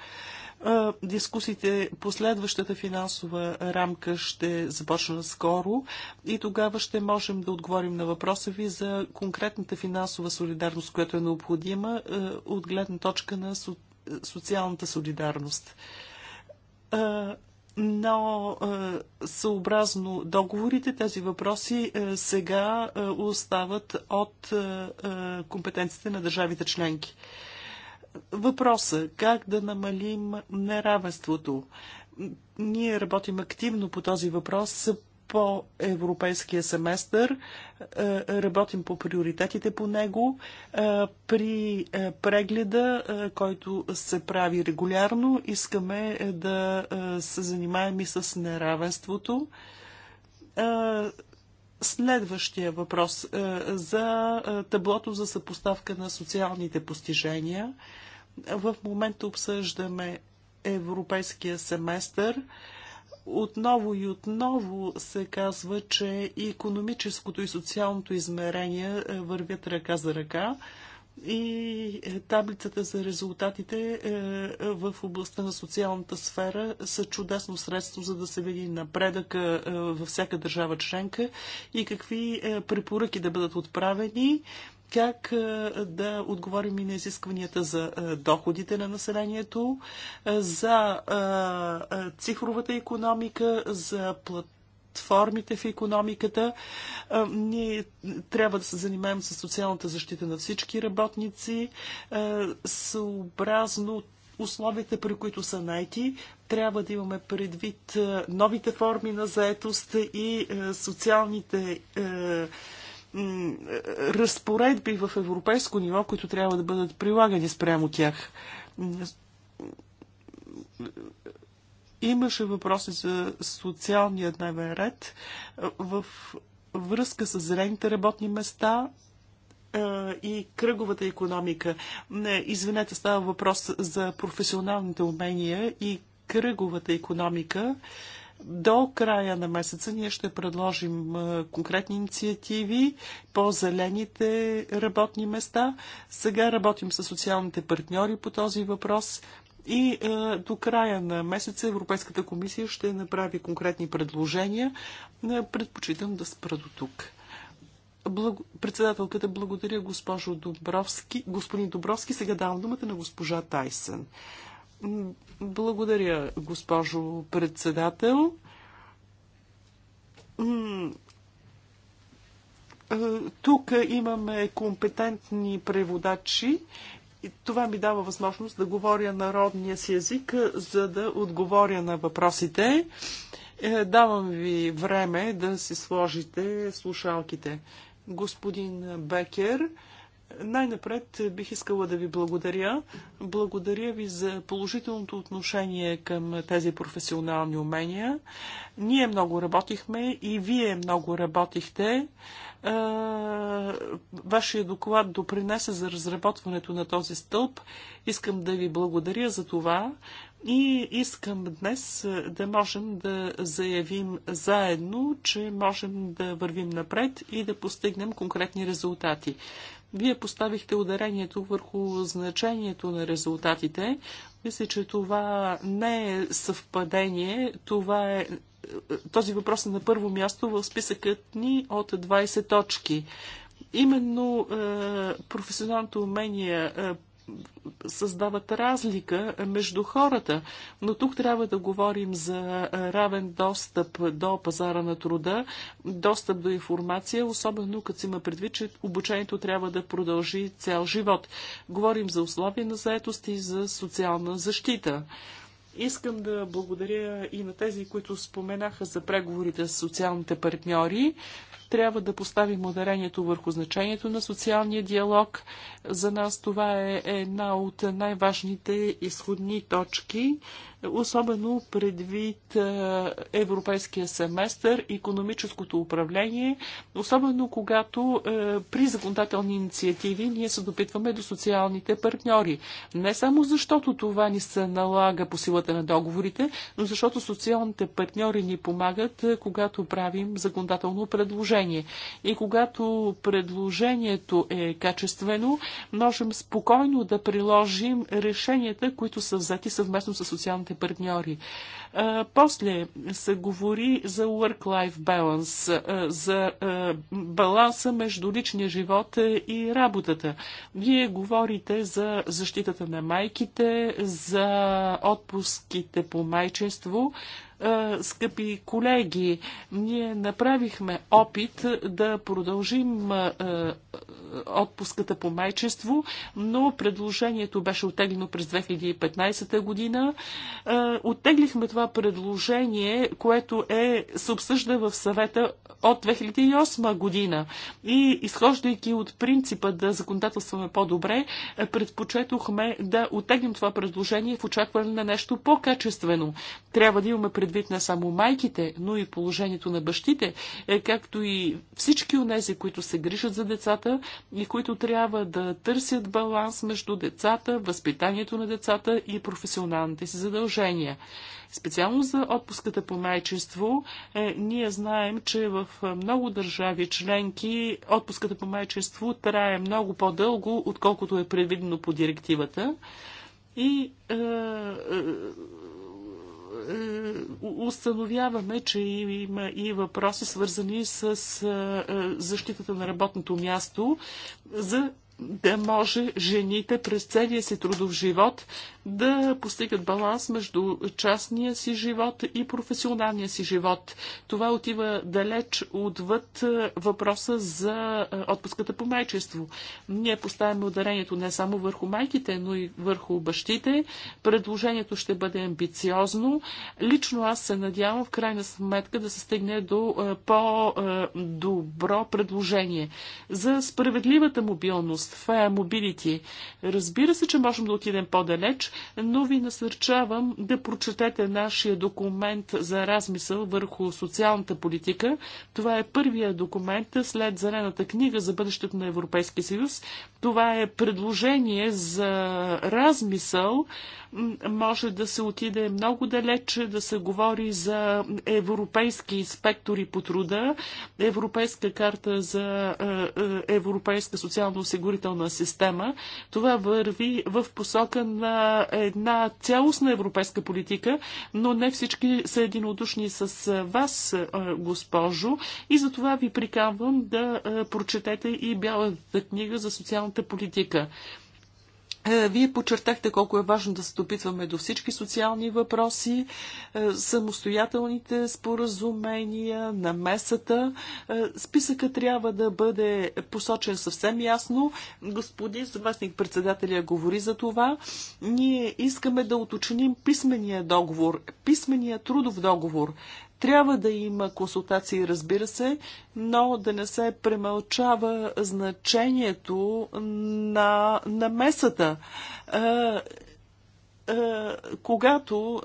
Дискусиите по следващата финансова рамка ще започна скоро и тогава ще можем да отговорим на въпроса ви за конкретната финансова солидарност, която е необходима от гледна точка на социалната солидарност но съобразно договорите тези въпроси сега остават от компетенциите на държавите членки въпроса как да намалим неравенството. Ние работим активно по този въпрос по европейския семестър, е, работим по приоритетите по него. Е, при е, прегледа, който се прави регулярно, искаме да се занимаем и с неравенството Следващия въпрос е, за е, таблото за съпоставка на социалните постижения. В момента обсъждаме европейския семестър. Отново и отново се казва, че и економическото и социалното измерение вървят ръка за ръка и е, таблицата за резултатите е, в областта на социалната сфера са чудесно средство, за да се види напредъка е, във всяка държава членка и какви препоръки да бъдат отправени, как да отговорим и на изискванията за доходите на населението, за цифровата економика, за платформата платформите в економиката. Ние трябва да се занимаем с социалната защита на всички работници, съобразно условията, при които са найти. Трябва да имаме предвид новите форми на заетост и социалните разпоредби в европейско ниво, които трябва да бъдат прилагани спрямо тях Имаше въпроси за социалния дневен ред в връзка с зелените работни места и кръговата економика. Не, извинете, става въпрос за професионалните умения и кръговата економика. До края на месеца ние ще предложим конкретни инициативи по зелените работни места. Сега работим с социалните партньори по този въпрос. И е, до края на месеца Европейската комисия ще направи конкретни предложения. Е, предпочитам да спра до тук. Благ... Председателката благодаря госпожо Добровски. Господин Добровски, сега давам думата на госпожа Тайсън. Благодаря, госпожо председател. Е, тук имаме компетентни преводачи и това ми дава възможност да говоря народния си език, е, за да отговоря на въпросите. Е, давам ви време да си сложите слушалките. Господин Бекер, най-напред бих искала да ви благодаря. Благодаря ви за положителното отношение към тези професионални умения. Ние много работихме и вие много работихте. Е, вашия доклад допринесе за разработването на този стълб. Искам да ви благодаря за това и искам днес е, да можем да заявим заедно, че можем да вървим напред и да постигнем конкретни резултати. Вие поставихте ударението върху значението на резултатите. Мисля, че това не е съвпадение. Това е... е този въпрос е на първо място в списъкът ни от 20 точки. Именно е, професионалното умение, е, създават разлика между хората. Но тук трябва да говорим за равен достъп до пазара на труда, достъп до информация, особено като си има предвид, че обучението трябва да продължи цял живот. Говорим за условия на заетост и за социална защита. Искам да благодаря и на тези, които споменаха за преговорите с социалните партньори. Трябва да поставим ударението върху значението на социалния диалог. За нас това е една от най-важните изходни точки особено предвид европейския семестър, економическото управление, особено когато при законодателни инициативи ние се допитваме до социалните партньори. Не само защото това ни се налага по силата на договорите, но защото социалните партньори ни помагат, когато правим законодателно предложение. И когато предложението е качествено, можем спокойно да приложим решенията, които са взети съвместно с социалните своите партньори. После се говори за work-life balance, за баланса между личния живот и работата. Вие говорите за защитата на майките, за отпуските по майчество, скъпи колеги, ние направихме опит да продължим отпуската по майчество, но предложението беше отеглено през 2015 година. Е, оттеглихме това предложение, което е, се обсъжда в съвета от 2008 година. И изхождайки от принципа да законодателстваме по-добре, е, предпочетохме да отеглим това предложение в очакване на нещо по-качествено. Трябва да имаме предвид не само майките, но и положението на бащите, е, както и всички от тези, които се грижат за децата, и които трябва да търсят баланс между децата, възпитанието на децата и професионалните си задължения. Специално за отпуската по майчество, е, ние знаем, че в много държави членки отпуската по майчество трае много по-дълго, отколкото е предвидено по директивата. И е, е, е, установяваме, че има и въпроси свързани с е, е, защитата на работното място за да може жените през целия си трудов живот да постигат баланс между частния си живот и професионалния си живот. Това отива далеч отвъд въпроса за отпуската по майчество. Ние поставяме ударението не само върху майките, но и върху бащите. Предложението ще бъде амбициозно. Лично аз се надявам в крайна сметка да се стигне до по-добро предложение. За справедливата мобилност, Fair Mobility, разбира се, че можем да отидем по-далеч, но ви насърчавам да прочетете нашия документ за размисъл върху социалната политика. Това е първия документ след Зелената книга за бъдещето на Европейския съюз. Това е предложение за размисъл. Може да се отиде много далече, да се говори за европейски инспектори по труда, европейска карта за е, е, европейска социално-осигурителна система. Това върви в посока на една цялостна европейска политика, но не всички са единодушни с вас, госпожо, и за това ви приканвам да прочетете и Бялата книга за социалната политика. Е, вие подчертахте колко е важно да се допитваме до всички социални въпроси, е, самостоятелните споразумения, намесата. Е, списъка трябва да бъде посочен съвсем ясно. Господин заместник председателя говори за това. Ние искаме да уточним писмения договор, писмения трудов договор. Трябва да има консултации, разбира се, но да не се премълчава значението на намесата. Когато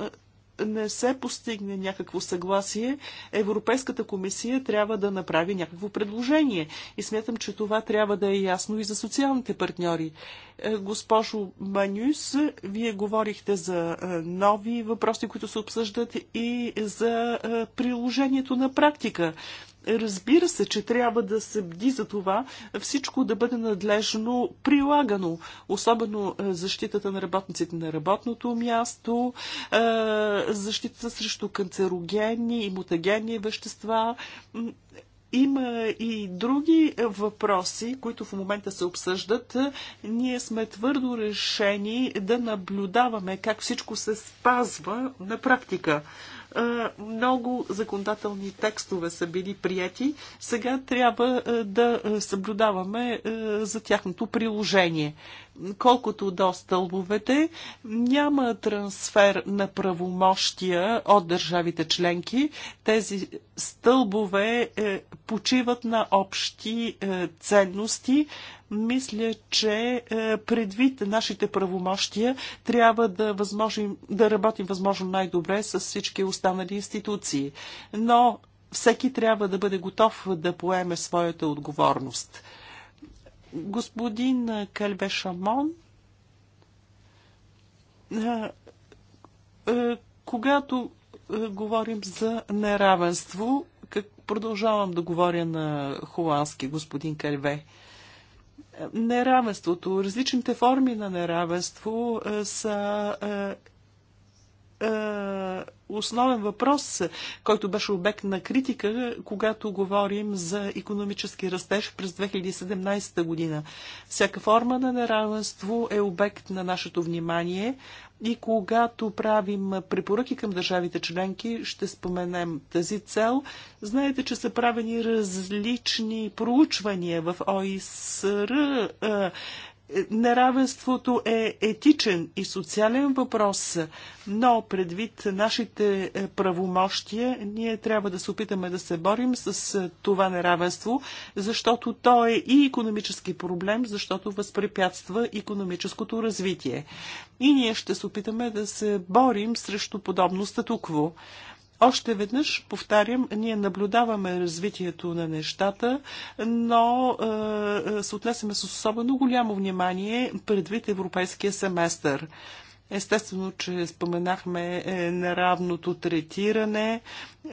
не се постигне някакво съгласие, Европейската комисия трябва да направи някакво предложение. И смятам, че това трябва да е ясно и за социалните партньори. Е, госпожо Манюс, вие говорихте за е, нови въпроси, които се обсъждат и за е, приложението на практика. Разбира се, че трябва да се бди за това всичко да бъде надлежно прилагано, особено е, защитата на работниците на работното място, е, защитата срещу канцерогенни и мутагенни вещества. Има и други въпроси, които в момента се обсъждат. Ние сме твърдо решени да наблюдаваме как всичко се спазва на практика. Много законодателни текстове са били прияти. Сега трябва да съблюдаваме за тяхното приложение. Колкото до стълбовете, няма трансфер на правомощия от държавите членки. Тези стълбове е, почиват на общи е, ценности, мисля, че е, предвид нашите правомощия трябва да, възможим, да работим възможно най-добре с всички останали институции. Но всеки трябва да бъде готов да поеме своята отговорност. Господин Кальбе Шамон, е, е, когато говорим за неравенство, как продължавам да говоря на холандски господин Кальве, Неравенството, различните форми на неравенство са основен въпрос, който беше обект на критика, когато говорим за економически растеж през 2017 година. Всяка форма на неравенство е обект на нашето внимание и когато правим препоръки към държавите членки, ще споменем тази цел. Знаете, че са правени различни проучвания в ОИСР Неравенството е етичен и социален въпрос, но предвид нашите е, правомощия, ние трябва да се опитаме да се борим с е, това неравенство, защото то е и економически проблем, защото възпрепятства економическото развитие. И ние ще се опитаме да се борим срещу подобно статукво. Още веднъж, повтарям, ние наблюдаваме развитието на нещата, но е, е се отнесеме с особено голямо внимание предвид европейския семестър. Естествено, че споменахме е, неравното третиране,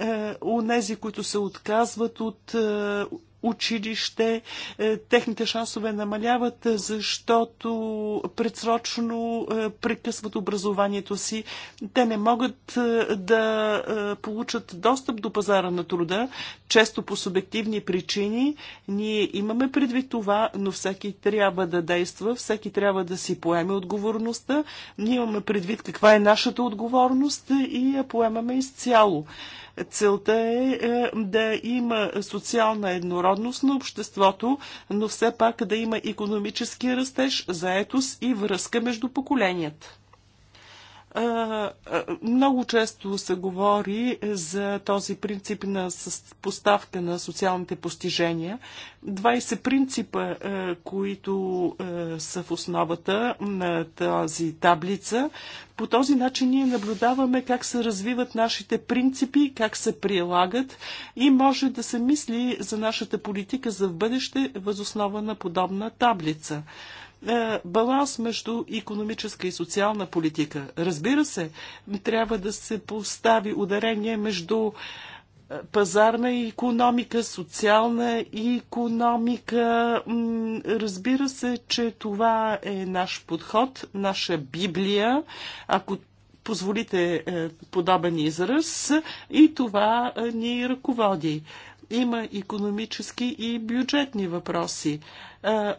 е, у нези, които се отказват от е, училище. Е, техните шансове намаляват, е, защото предсрочно е, прекъсват образованието си. Те не могат да получат достъп до пазара на труда, често по субективни причини. Ние имаме предвид това, но всеки трябва да действа, всеки трябва да си поеме отговорността. Ние имаме предвид каква е нашата отговорност и я поемаме изцяло. Целта е, е да има социална еднородност на обществото, но все пак да има економически растеж, заетост и връзка между поколенията. Много често се говори за този принцип на поставка на социалните постижения. 20 принципа, които са в основата на тази таблица. По този начин ние наблюдаваме как се развиват нашите принципи, как се прилагат и може да се мисли за нашата политика за в бъдеще възоснова на подобна таблица. Е, баланс между економическа и социална политика. Разбира се, трябва да се постави ударение между е, пазарна економика, социална економика. Разбира се, че това е наш подход, наша Библия. Ако позволите е, подобен израз и това ни ръководи. Има економически и бюджетни въпроси.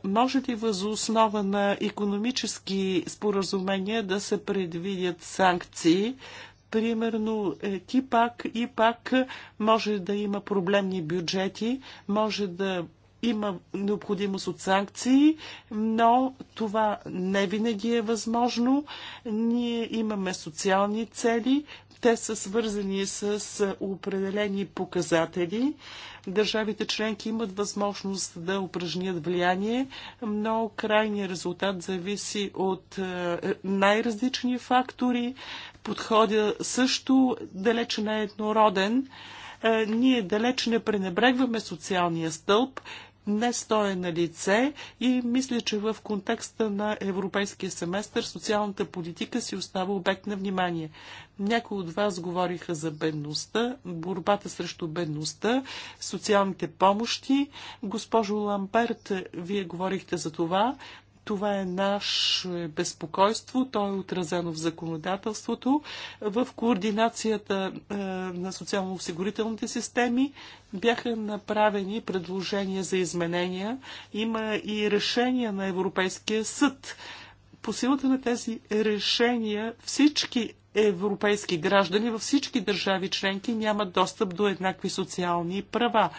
Може ли възоснова на економически споразумения да се предвидят санкции? примерно е, ти пак и пак може да има проблемни бюджети, може да има необходимост от санкции, но това не винаги е възможно. Ние имаме социални цели, те са свързани с определени показатели. Държавите членки имат възможност да упражнят влияние, но крайният резултат зависи от най-различни фактори. Подходя също далеч не е еднороден ние далеч не пренебрегваме социалния стълб Днес той е на лице и мисля, че в контекста на европейския семестър социалната политика си остава обект на внимание. Някои от вас говориха за бедността, борбата срещу бедността, социалните помощи. Госпожо Ламперт, вие говорихте за това. Това е наше безпокойство, то е отразено в законодателството, в координацията е, на социално-осигурителните системи бяха направени предложения за изменения. Има и решения на Европейския съд. По силата на тези решения всички европейски граждани във всички държави членки нямат достъп до еднакви социални права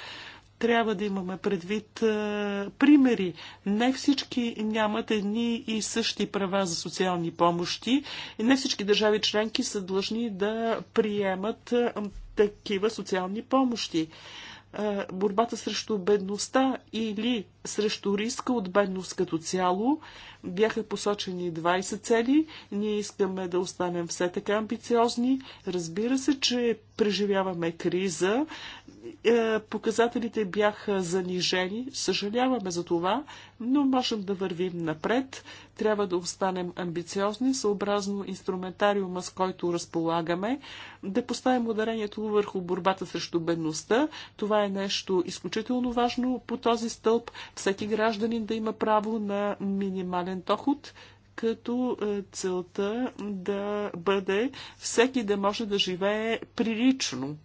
трябва да имаме предвид а, е, примери. Не всички нямат едни и същи права за социални помощи. Не всички държави членки са длъжни да приемат а, е, такива социални помощи. А, е, борбата срещу бедността или срещу риска от бедност като цяло бяха посочени 20 цели. Ние искаме да останем все така амбициозни. Разбира се, че преживяваме криза. Е, показателите бяха занижени. Съжаляваме за това, но можем да вървим напред. Трябва да останем амбициозни, съобразно инструментариума, с който разполагаме, да поставим ударението върху борбата срещу бедността. Това е нещо изключително важно по този стълб. Всеки гражданин да има право на минимален национален доход, като е, целта да бъде всеки да може да живее прилично.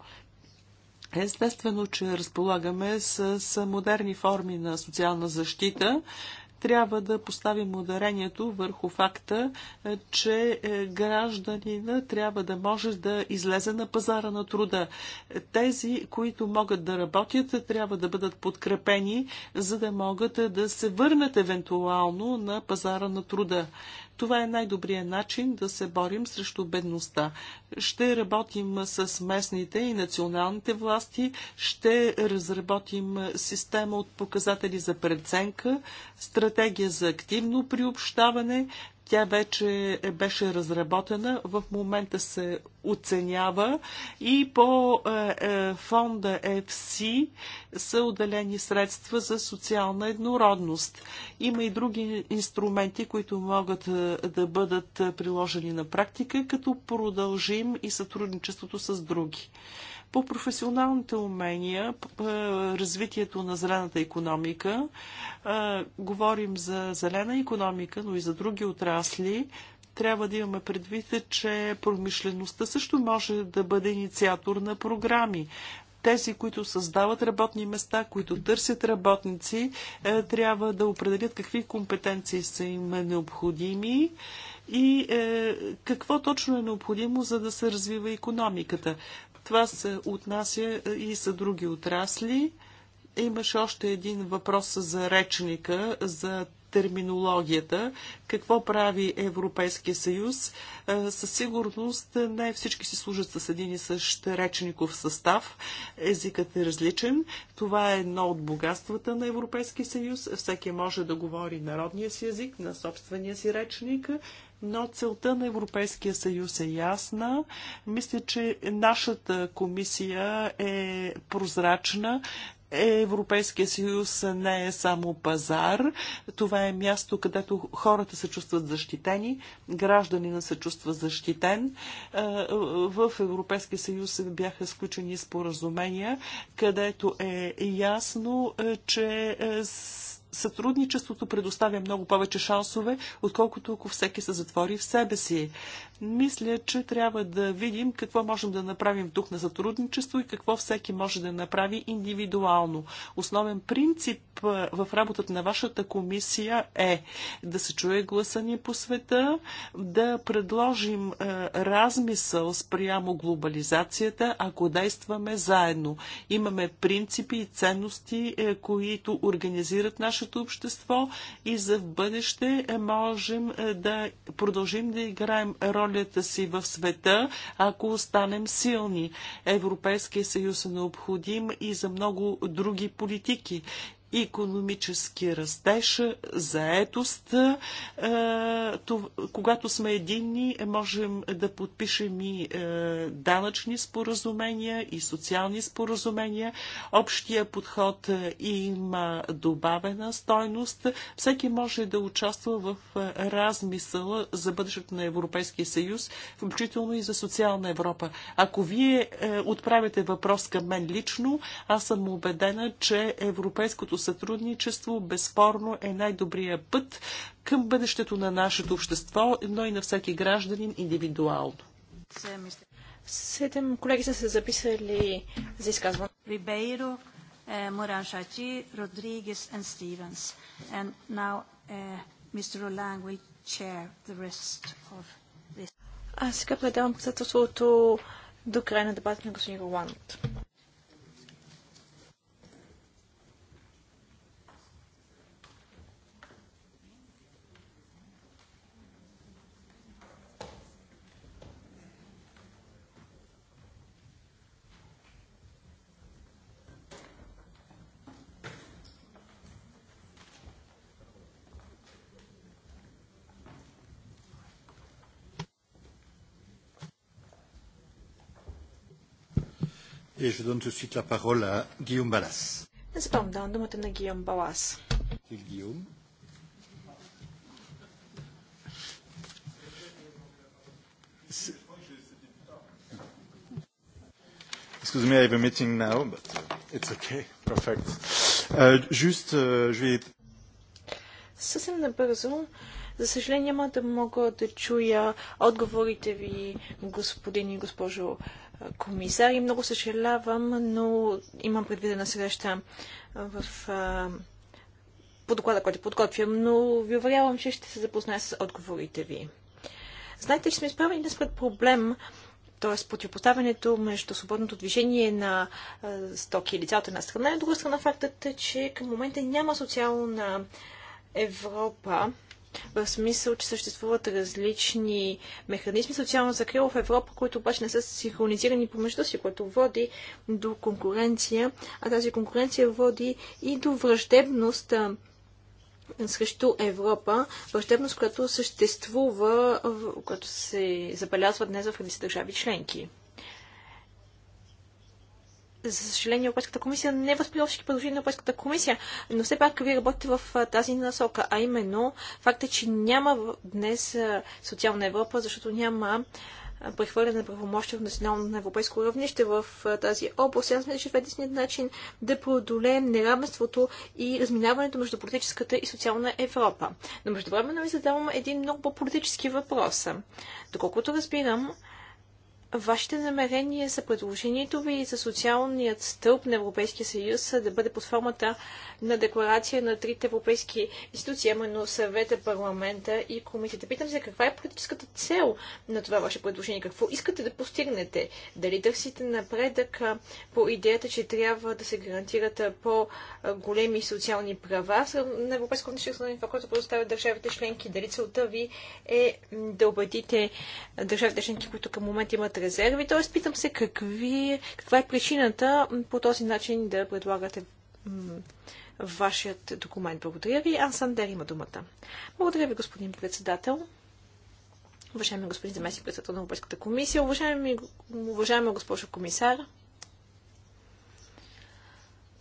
Естествено, че разполагаме с модерни форми на социална защита, трябва да поставим ударението върху факта, е, че е, гражданина трябва да може да излезе на пазара на труда. Тези, които могат да работят, трябва да бъдат подкрепени, за да могат е, да се върнат евентуално на пазара на труда. Това е най-добрият начин да се борим срещу бедността. Ще работим с местните и националните власти, ще разработим система от показатели за преценка, стратегия за активно приобщаване, тя вече е, беше разработена, в момента се оценява и по е, е, фонда FC са отделени средства за социална еднородност. Има и други инструменти, които могат да бъдат приложени на практика, като продължим и сътрудничеството с други по професионалните умения, развитието на зелената економика. Говорим за зелена економика, но и за други отрасли. Трябва да имаме предвид, че промишлеността също може да бъде инициатор на програми тези, които създават работни места, които търсят работници, е, трябва да определят какви компетенции са им необходими и е, какво точно е необходимо, за да се развива економиката. Това се отнася е, и за други отрасли. Имаше още един въпрос за речника, за терминологията, какво прави Европейския съюз. Е, със сигурност е, не всички си служат с един и същ речников състав. Езикът е различен. Това е едно от богатствата на Европейския съюз. Всеки може да говори народния си език, на собствения си речник но целта на Европейския съюз е ясна. Мисля, че нашата комисия е прозрачна, Европейския съюз не е само пазар. Това е място, където хората се чувстват защитени, гражданина се чувства защитен. Е, в Европейския съюз бяха сключени споразумения, където е ясно, е, че е, сътрудничеството предоставя много повече шансове, отколкото ако всеки се затвори в себе си. Мисля, че трябва да видим какво можем да направим тук дух на сътрудничество и какво всеки може да направи индивидуално. Основен принцип в работата на вашата комисия е да се чуе гласа ни по света, да предложим размисъл спрямо глобализацията, ако действаме заедно. Имаме принципи и ценности, е, които организират нашите нашето общество и за в бъдеще можем е, да продължим да играем ролята си в света, ако останем силни. Европейския съюз е необходим и за много други политики економически растеж, заетост. Е, когато сме единни, можем да подпишем и е, данъчни споразумения и социални споразумения. Общия подход е, има добавена стойност. Всеки може да участва в размисъла за бъдещето на Европейския съюз, включително и за социална Европа. Ако вие отправите въпрос към мен лично, аз съм убедена, че Европейското сътрудничество безспорно е най-добрият път към бъдещето на нашето общество, но и на всеки гражданин индивидуално. Седем колеги са се записали за изказване. Рибейро, Моран Шачи, Родригес и Стивенс. And now uh, Mr. Roland will chair the rest of this. А сега предавам председателството до края на дебата на господин Роланд. Et je donne tout de suite la parole à Guillaume Balas. Незабавно давам думата на Гийом Балас. Гийом. Excuse me, I have a meeting now, but it's okay. Perfect. Uh, juste, uh, je vais... Съвсем набързо за съжаление няма да мога да чуя отговорите ви, господин и госпожо комисар. И много съжалявам, но имам предвидена среща в по доклада, който подготвям, но ви уверявам, че ще се запозная с отговорите ви. Знаете, че сме изправени днес пред проблем, т.е. противопоставянето между свободното движение на стоки и лица от една страна и друга страна фактът е, че към момента няма социална Европа, в смисъл, че съществуват различни механизми социална закрила в Европа, които обаче не са синхронизирани помежду си, което води до конкуренция, а тази конкуренция води и до враждебност срещу Европа, враждебност, която съществува, която се забелязва днес в редица държави членки за съжаление, Европейската комисия не е възприе всички предложения на Европейската комисия, но все пак вие работите в тази насока, а именно факта, че няма днес социална Европа, защото няма прехвърляне на правомощия в национално на европейско равнище в тази област. Аз мисля, че в е единственият начин да преодолеем неравенството и разминаването между политическата и социална Европа. Но между време ви задавам един много по-политически въпрос. Доколкото разбирам, вашите намерения за предложението ви за социалният стълб на Европейския съюз е да бъде под формата на декларация на трите европейски институции, именно съвета, парламента и комисията. Питам се каква е политическата цел на това ваше предложение? Какво искате да постигнете? Дали търсите напредък по идеята, че трябва да се гарантират по-големи социални права на европейско равнище, това, което предоставят държавите членки? Дали целта ви е да убедите държавите членки, които към момента имат резерви. Тоест, питам се какви, каква е причината по този начин да предлагате вашият документ. Благодаря ви. Ансандер има думата. Благодаря ви, господин председател. Уважаеми господин заместник председател на Европейската комисия, уважаеми, уважаема госпожо комисар,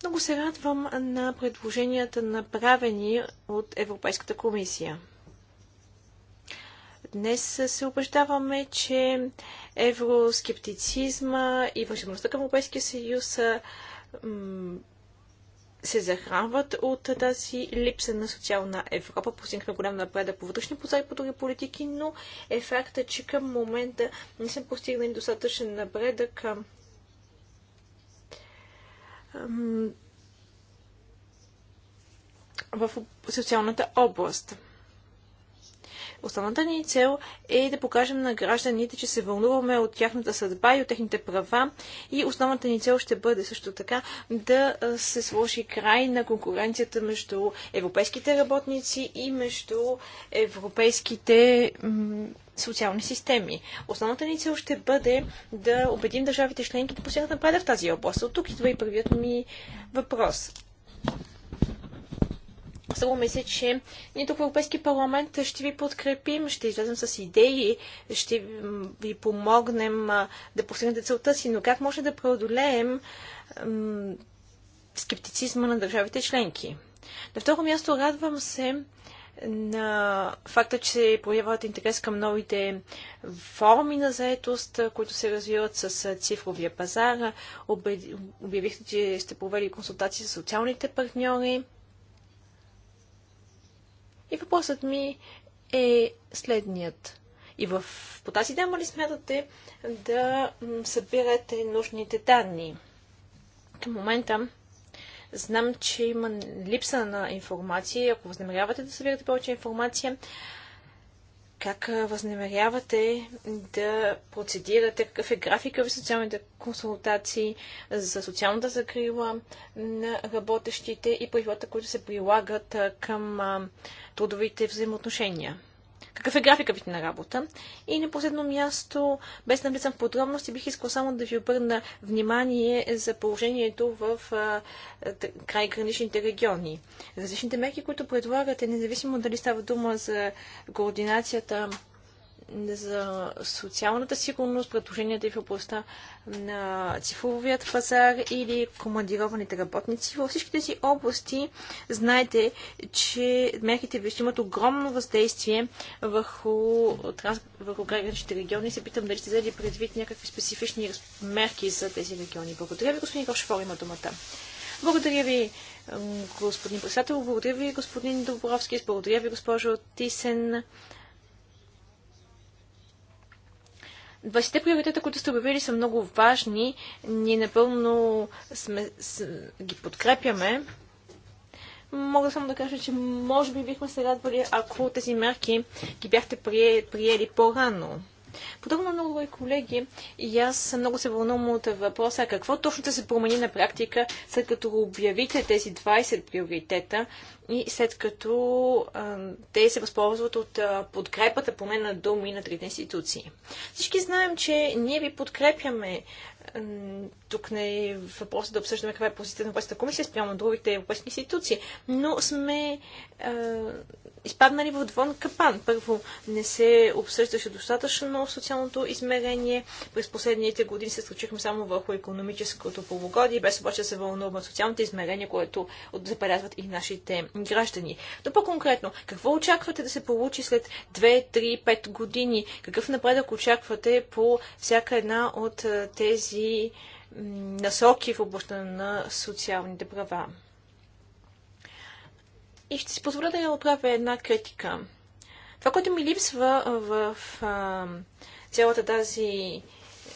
много се радвам на предложенията направени от Европейската комисия. Днес се убеждаваме, че евроскептицизма и враждебността към Европейския съюз се захранват от тази липса на социална Европа. Постигнахме голям напредък по вътрешни пазари по други политики, но е факта, че към момента не сме постигнали достатъчен напредък в социалната област. Основната ни цел е да покажем на гражданите, че се вълнуваме от тяхната съдба и от техните права и основната ни цел ще бъде също така да се сложи край на конкуренцията между европейските работници и между европейските социални системи. Основната ни цел ще бъде да убедим държавите членки да посягат напред в тази област. От тук идва и първият ми въпрос ми се, че ние тук в Европейски парламент ще ви подкрепим, ще излезем с идеи, ще ви помогнем да постигнете целта си, но как може да преодолеем скептицизма на държавите членки? На второ място радвам се, на факта, че се появяват интерес към новите форми на заетост, които се развиват с цифровия пазар. Обявихте, че сте провели консултации с социалните партньори. И въпросът ми е следният. И в, по тази тема ли смятате да събирате нужните данни? Към момента знам, че има липса на информация. Ако възнамерявате да събирате повече информация, как възнамерявате да процедирате? Какъв е графика ви социалните консултации за социалната закрила на работещите и правилата, които се прилагат към трудовите взаимоотношения? какъв е графика ви на работа. И на последно място, без да влизам в подробности, бих искала само да ви обърна внимание за положението в край граничните региони. Различните мерки, които предлагате, независимо дали става дума за координацията за социалната сигурност, предложенията и в областта на цифровият пазар или командированите работници. Във всички тези области знаете, че мерките ви ще имат огромно въздействие върху, върху граничните региони. Се питам дали сте взели предвид някакви специфични мерки за тези региони. Благодаря ви, господин Рошфор, има думата. Благодаря ви, господин председател. Благодаря ви, господин Добровски. Благодаря ви, госпожо Тисен. 20 приоритета, които сте обявили, са много важни. Ние напълно сме, с, ги подкрепяме. Мога само да кажа, че може би бихме се радвали, ако тези мерки ги бяхте прие, приели по-рано. Подобно на много мои е, колеги, и аз много се вълнувам от въпроса какво точно ще се промени на практика, след като обявите тези 20 приоритета и след като а, те се възползват от а, подкрепата, мен на думи на трите институции. Всички знаем, че ние ви подкрепяме. Тук не е въпросът да обсъждаме каква е позицията на Европейската комисия спрямо другите европейски институции, но сме изпаднали в двон капан. Първо, не се обсъждаше достатъчно социалното измерение. През последните години се случихме само върху економическото полугодие, без обаче се вълнуваме от социалните измерения, което забелязват и нашите граждани. Но по-конкретно, какво очаквате да се получи след 2, 3, 5 години? Какъв напредък очаквате по всяка една от тези насоки в областта на социалните права? И ще си позволя да отправя една критика. Това, което ми липсва в а, цялата тази,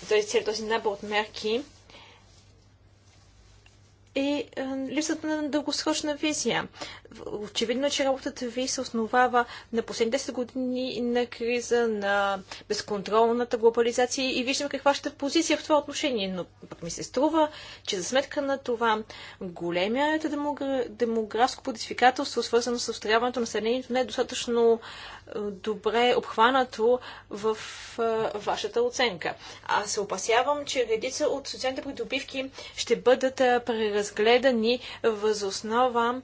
този, този набор от мерки, е липсата на дългосрочна визия. Очевидно, е, че работата ви се основава на последните 10 години на криза, на безконтролната глобализация и виждам каква ще е позиция в това отношение. Но пък ми се струва, че за сметка на това големият демографско подисфикателство, свързано с устаряването на населението, не е достатъчно добре обхванато в вашата оценка. Аз се опасявам, че редица от социалните придобивки ще бъдат преразгледани възоснова основа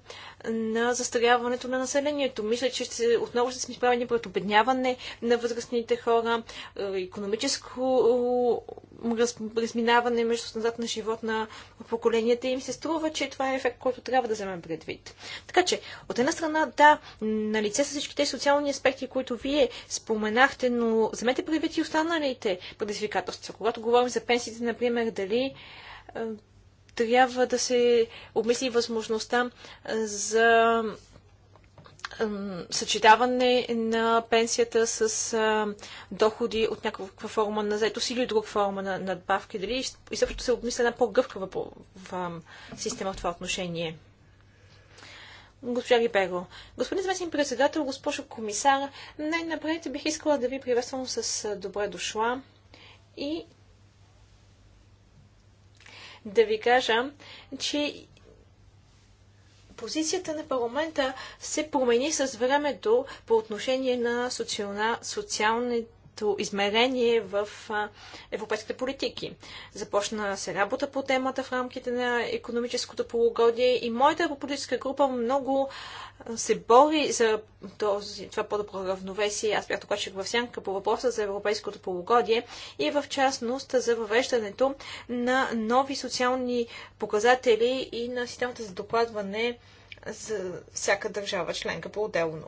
на застаряването на населението. Мисля, че ще, отново ще сме изправени пред обедняване на възрастните хора, економическо раз, разминаване между назад на живот на поколенията им се струва, че това е ефект, който трябва да вземем предвид. Така че, от една страна, да, на лице са всички тези социални аспекти, които вие споменахте, но вземете предвид и останалите предизвикателства. Когато говорим за пенсиите, например, дали е, трябва да се обмисли възможността за съчетаване на пенсията с а, доходи от някаква форма на заетост или друга форма на надбавки. Дали и също се обмисля една по-гъвкава система в това отношение? Госпожа Риберо. Господин заместник председател, госпожо комисар, най-напред бих искала да ви приветствам с добре дошла и да ви кажа, че позицията на парламента се промени с времето по отношение на социална, социалните като измерение в европейските политики. Започна се работа по темата в рамките на економическото полугодие и моята политическа група много се бори за този, това по-добро равновесие. Аз бях докладчик в сянка по въпроса за европейското полугодие и в частност за въвеждането на нови социални показатели и на системата за докладване за всяка държава членка по-отделно.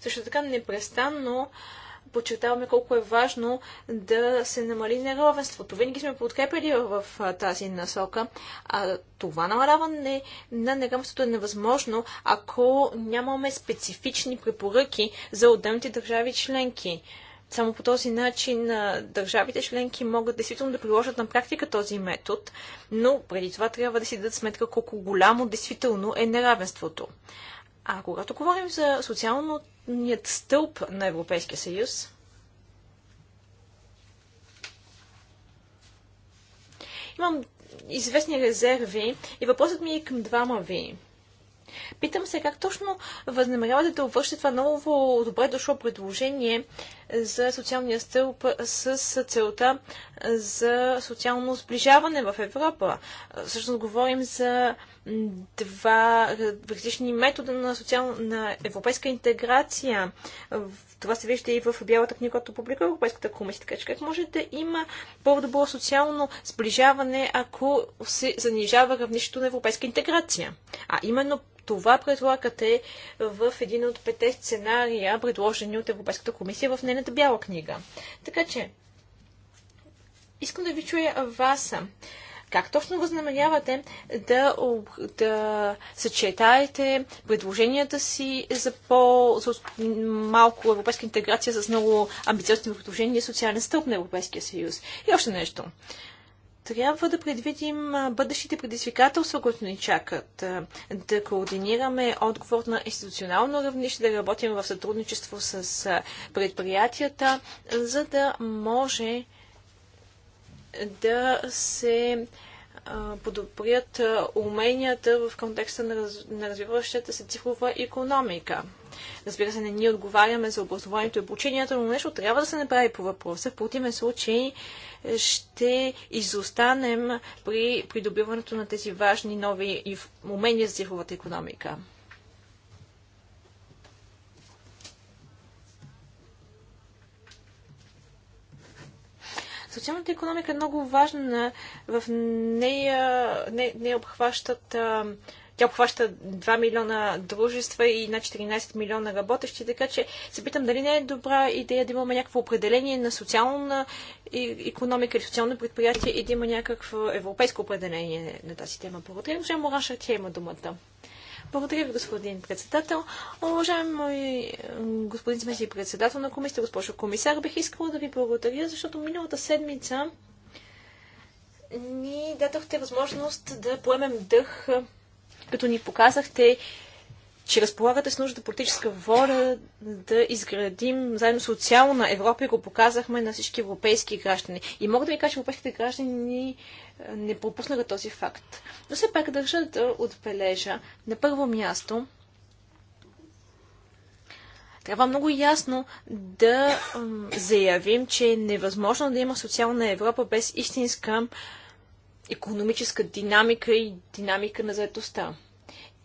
Също така непрестанно подчертаваме колко е важно да се намали неравенството. Винаги сме подкрепили в тази насока. А това намаляване на неравенството е невъзможно, ако нямаме специфични препоръки за отделните държави членки. Само по този начин държавите членки могат действително да приложат на практика този метод, но преди това трябва да си дадат сметка колко голямо действително е неравенството. А когато говорим за социалният стълб на Европейския съюз, имам известни резерви и въпросът ми е към двама ви. Питам се как точно възнамерявате да обвършите това ново добре дошло предложение за социалния стълб с целта за социално сближаване в Европа. Всъщност говорим за два е, различни метода на, социал... на европейска интеграция. Това се вижда и в бялата книга, която публика Европейската комисия. Така че как може да има по-добро социално сближаване, ако се занижава равнището на европейска интеграция? А именно това предлагате в един от пете сценария, предложени от Европейската комисия в нейната бяла книга. Така че, искам да ви чуя вас. Как точно възнамерявате да, да съчетаете предложенията си за по-малко европейска интеграция с много амбициозни предложения и социален стълб на Европейския съюз? И още нещо трябва да предвидим бъдещите предизвикателства, които ни чакат, да координираме отговор на институционално равнище, да работим в сътрудничество с предприятията, за да може да се подобрят уменията в контекста на, развиващата се цифрова економика. Разбира се, не ние отговаряме за образованието и обучението, но нещо трябва да се направи по въпроса. В противен случай ще изостанем при придобиването на тези важни нови умения за цифровата економика. Социалната економика е много важна. В нея не, не обхващат. Тя обхваща 2 милиона дружества и на 14 милиона работещи, така че се питам дали не е добра идея да имаме някакво определение на социална економика или социално предприятие и да има някакво европейско определение на тази тема. Благодаря. Госпожа Мораша, тя има думата. Благодаря ви, господин председател. Уважаеми господин смеси председател на комисията, госпожо комисар, бих искала да ви благодаря, защото миналата седмица ни дадохте възможност да поемем дъх, като ни показахте че разполагате с нужда политическа воля да изградим заедно социална Европа и го показахме на всички европейски граждани. И мога да ви кажа, че европейските граждани е, не пропуснаха този факт. Но все пак държа да отбележа на първо място, трябва много ясно да заявим, че е невъзможно да има социална Европа без истинска економическа динамика и динамика на заедостта.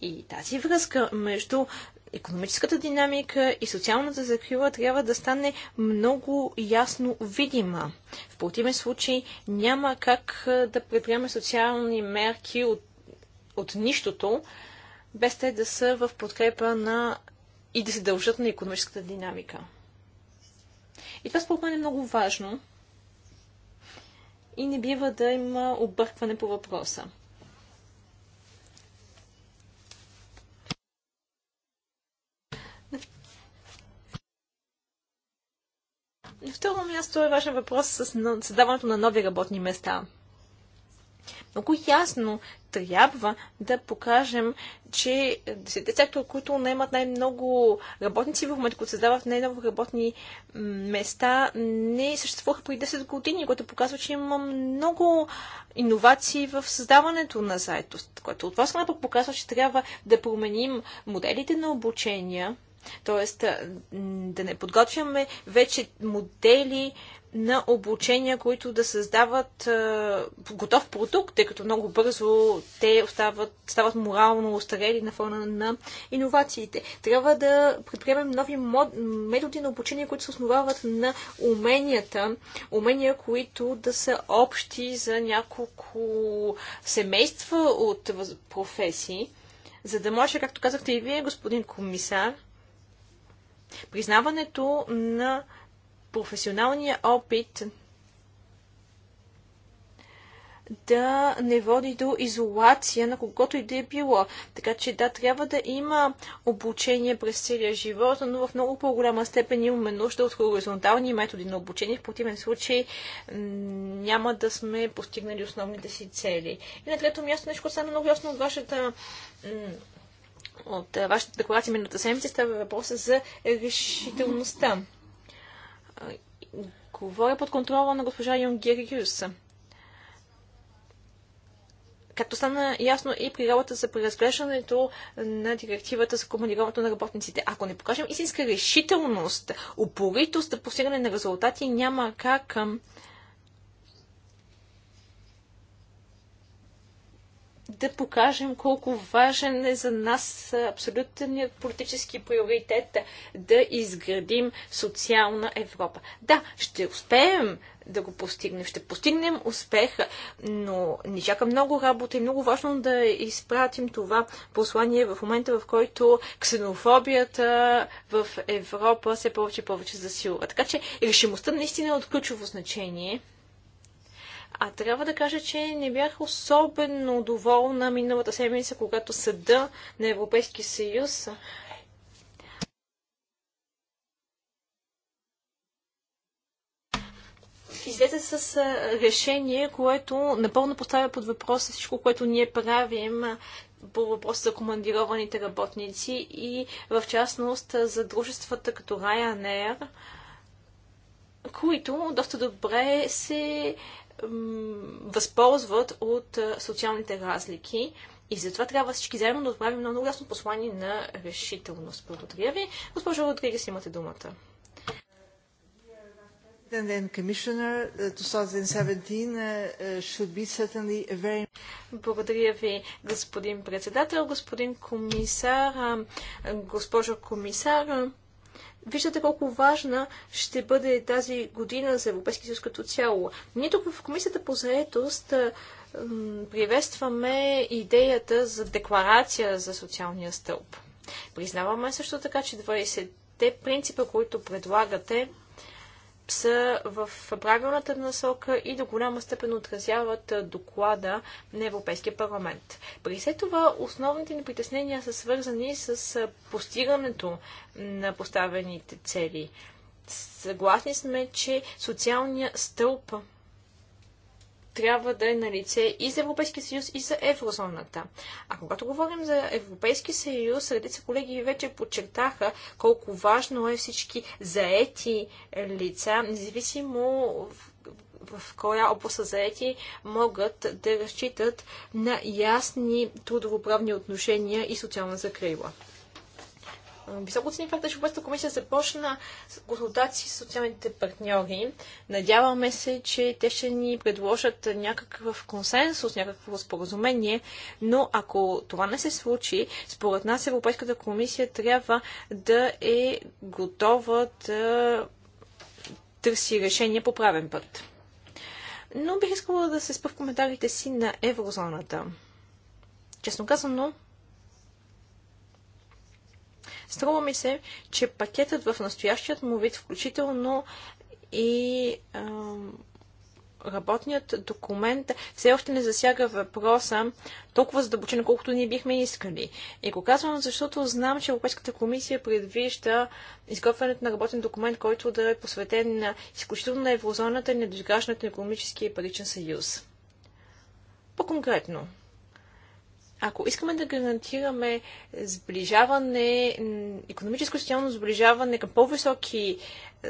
И тази връзка между економическата динамика и социалната закрила трябва да стане много ясно видима. В противен случай няма как да предприемем социални мерки от, от нищото, без те да са в подкрепа на и да се дължат на економическата динамика. И това според мен е много важно и не бива да има объркване по въпроса. На второ място е важен въпрос с създаването на нови работни места. Много ясно трябва да покажем, че десетте сектора, които наемат най-много работници в момента, които създават най-много работни места, не съществуваха преди 10 години, което показва, че има много иновации в създаването на заетост, което от вас пък показва, че трябва да променим моделите на обучения, Тоест да не подготвяме вече модели на обучения, които да създават готов продукт, тъй като много бързо те остават, стават морално устарели на фона на иновациите. Трябва да предприемем нови мод, методи на обучение, които се основават на уменията, умения, които да са общи за няколко семейства от професии, за да може, както казахте и вие, господин комисар, Признаването на професионалния опит да не води до изолация на когото и да е било. Така че да, трябва да има обучение през целия живот, но в много по-голяма степен имаме нужда от хоризонтални методи на обучение. В противен случай няма да сме постигнали основните си цели. И на трето място нещо, което стана много ясно от вашата от е, вашата декларация миналата седмица става въпроса за решителността. Говоря под контрола на госпожа Юс. Както стана ясно и при работа за преразглеждането на директивата за командироването на работниците, ако не покажем истинска решителност, упоритост за да постигане на резултати, няма как да покажем колко важен е за нас абсолютният политически приоритет да изградим социална Европа. Да, ще успеем да го постигнем. Ще постигнем успеха, но ни чака много работа и много важно да изпратим това послание в момента, в който ксенофобията в Европа се повече и повече засилва. Така че решимостта наистина е от ключово значение – а трябва да кажа, че не бях особено доволна миналата седмица, когато съда на Европейски съюз излезе с решение, което напълно поставя под въпрос всичко, което ние правим по въпроса за командированите работници и в частност за дружествата като Ryanair, които доста добре се възползват от социалните разлики. И затова трябва всички заедно да отправим много ясно послание на решителност. Благодаря ви. Госпожо Родригес, имате думата. Uh, uh, uh, Благодаря ви, господин председател, господин комисар, госпожо комисар. Виждате колко важна ще бъде тази година за Европейския съюз като цяло. Ние тук в Комисията по заетост приветстваме идеята за декларация за социалния стълб. Признаваме също така, че 20-те принципа, които предлагате, са в правилната насока и до голяма степен отразяват доклада на Европейския парламент. При след това основните ни притеснения са свързани с постигането на поставените цели. Съгласни сме, че социалният стълб трябва да е на лице и за Европейски съюз, и за еврозоната. А когато говорим за Европейски съюз, редица колеги вече подчертаха колко важно е всички заети лица, независимо в коя област са заети, могат да разчитат на ясни трудовоправни отношения и социална закрила високо цени факта, че Европейската комисия започна с консултации с социалните партньори. Надяваме се, че те ще ни предложат някакъв консенсус, някакво споразумение, но ако това не се случи, според нас Европейската комисия трябва да е готова да търси решение по правен път. Но бих искала да се спа в коментарите си на еврозоната. Честно казано, Струва ми се, че пакетът в настоящият му вид, включително и а, работният документ все още не засяга въпроса толкова задълбочено, колкото ние бихме искали. И го казвам, защото знам, че Европейската комисия предвижда изготвянето на работен документ, който да е посветен на изключително на еврозоната и недоизграждането на економическия и паричен съюз. По-конкретно, ако искаме да гарантираме сближаване, економическо социално сближаване към по-високи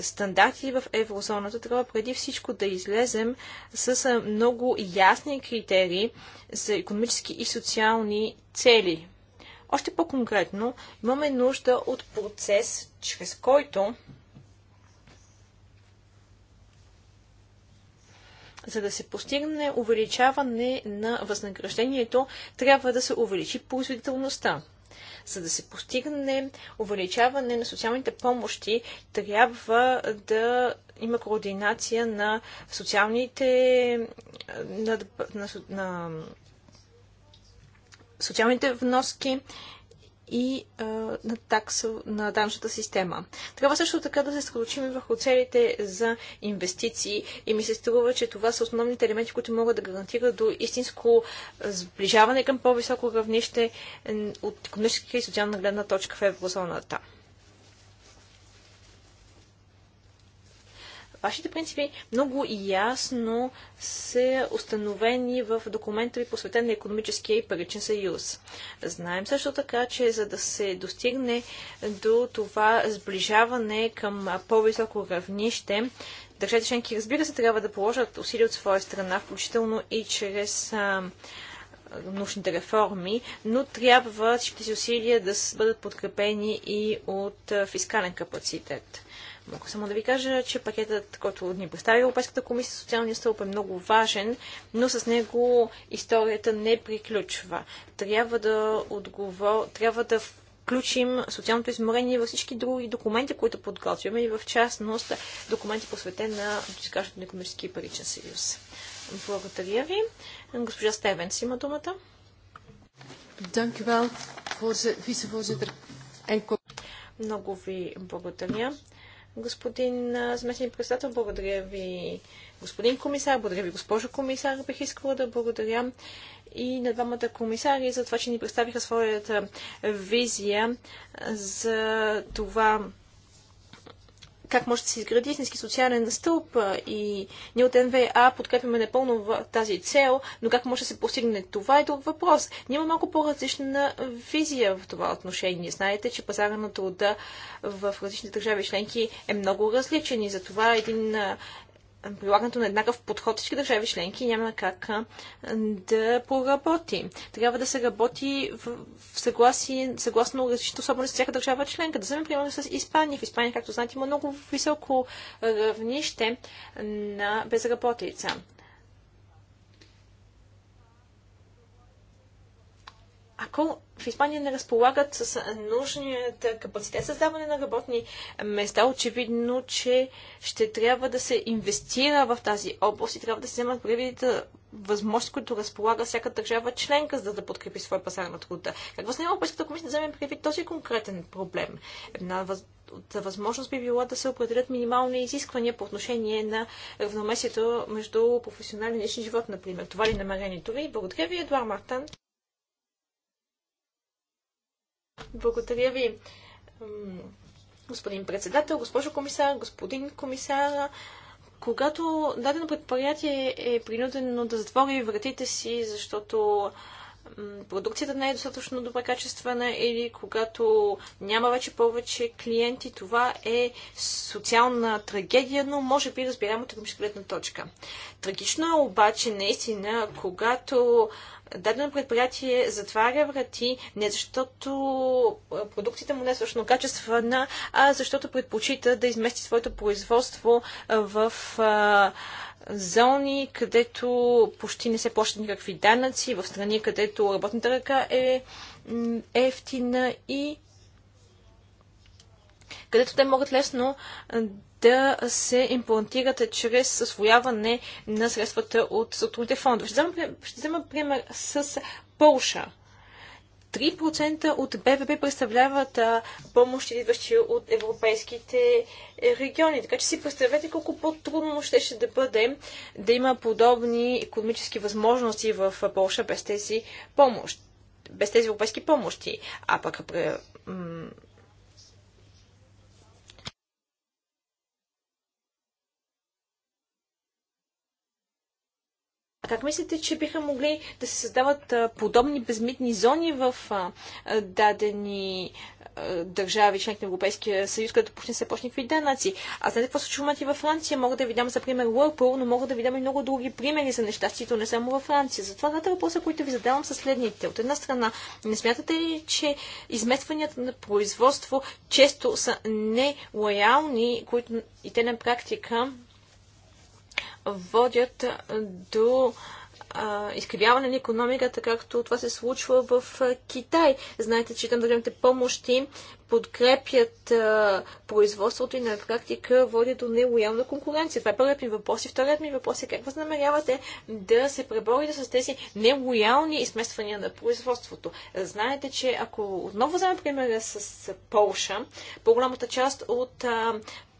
стандарти в еврозоната, трябва преди всичко да излезем с много ясни критерии за економически и социални цели. Още по-конкретно, имаме нужда от процес, чрез който за да се постигне увеличаване на възнаграждението, трябва да се увеличи производителността. За да се постигне увеличаване на социалните помощи, трябва да има координация на социалните, на, на, на социалните вноски и а, на, такса, на данъчната система. Трябва също така да се сключим и върху целите за инвестиции и ми се струва, че това са основните елементи, които могат да гарантират до истинско сближаване към по-високо равнище от економическа и социална гледна точка в еврозоната. Вашите принципи много ясно са установени в документа ви посветен на економическия и паричен съюз. Знаем също така, че за да се достигне до това сближаване към по-високо равнище, държавите членки, разбира се, трябва да положат усилия от своя страна, включително и чрез а, научните реформи, но трябва всички усилия да бъдат подкрепени и от фискален капацитет. Мога само да ви кажа, че пакетът, който ни представи Европейската комисия, социалния стълб е много важен, но с него историята не приключва. Трябва да отговор... трябва да включим социалното измерение във всички други документи, които подготвяме и в частност документи посветен на дискашното на економически паричен съюз. Благодаря ви. Госпожа Стевенс има думата. Много ви благодаря. Господин заместник председател, благодаря ви. Господин комисар, благодаря ви, госпожо комисар. Бих искала да благодаря и на двамата комисари за това, че ни представиха своята визия за това как може да се изгради истински социален стълб и ние от НВА подкрепяме непълно тази цел, но как може да се постигне това е друг въпрос. Ние имаме малко по-различна визия в това отношение. Знаете, че пазара на труда в различните държави членки е много различен и затова един прилагането на еднакъв подход всички държави членки няма как да поработи. Трябва да се работи в, в съгласие, съгласно различните особености всяка държава членка. Да вземем пример с Испания. В Испания, както знаете, има много високо равнище на безработица. ако в Испания не разполагат с нужният капацитет създаване на работни места, очевидно, че ще трябва да се инвестира в тази област и трябва да се вземат предвидите възможности, които разполага всяка държава членка, за да подкрепи своя пазар на труда. Как възне Европейската комисия да вземе предвид този конкретен проблем? Една въз... възможност би била да се определят минимални изисквания по отношение на равномесието между професионален и личен живот, например. Това ли намерението ви? Благодаря ви, Едуард Мартан. Благодаря ви, господин председател, госпожо комисар, господин комисар. Когато дадено предприятие е принудено да затвори вратите си, защото продукцията не е достатъчно добре качествена или когато няма вече повече клиенти, това е социална трагедия, но може би разбираемо от гледна точка. Трагично е обаче наистина, когато дадено предприятие затваря врати не защото продукцията му не е свършено качествена, а защото предпочита да измести своето производство в зони, където почти не се плащат никакви данъци, в страни, където работната ръка е ефтина и където те могат лесно да се имплантират чрез освояване на средствата от структурните фондове. Ще взема, ще взема пример с Полша. 3% от БВП представляват помощи, идващи от европейските е, региони. Така че си представете колко по-трудно ще, ще да бъде да има подобни економически възможности в Польша без тези помощи без тези европейски помощи. А пък А как мислите, че биха могли да се създават подобни безмитни зони в дадени държави, членки на Европейския съюз, където почне се почне една данъци. А знаете какво случва момент и във Франция? Мога да ви дам за пример Whirlpool, но мога да ви дам и много други примери за нещастието, не само във Франция. Затова двата въпроса, които ви задавам, са следните. От една страна, не смятате ли, че изместванията на производство често са нелоялни, които и те на практика водят до изкривяване на економиката, както това се случва в Китай. Знаете, че там държавните помощи подкрепят производството и на практика води до нелоялна конкуренция. Това е първият ми въпрос. И вторият ми въпрос е как възнамерявате да се преборите с тези нелоялни измествания на производството. Знаете, че ако отново вземем примера с Полша, по-голямата част от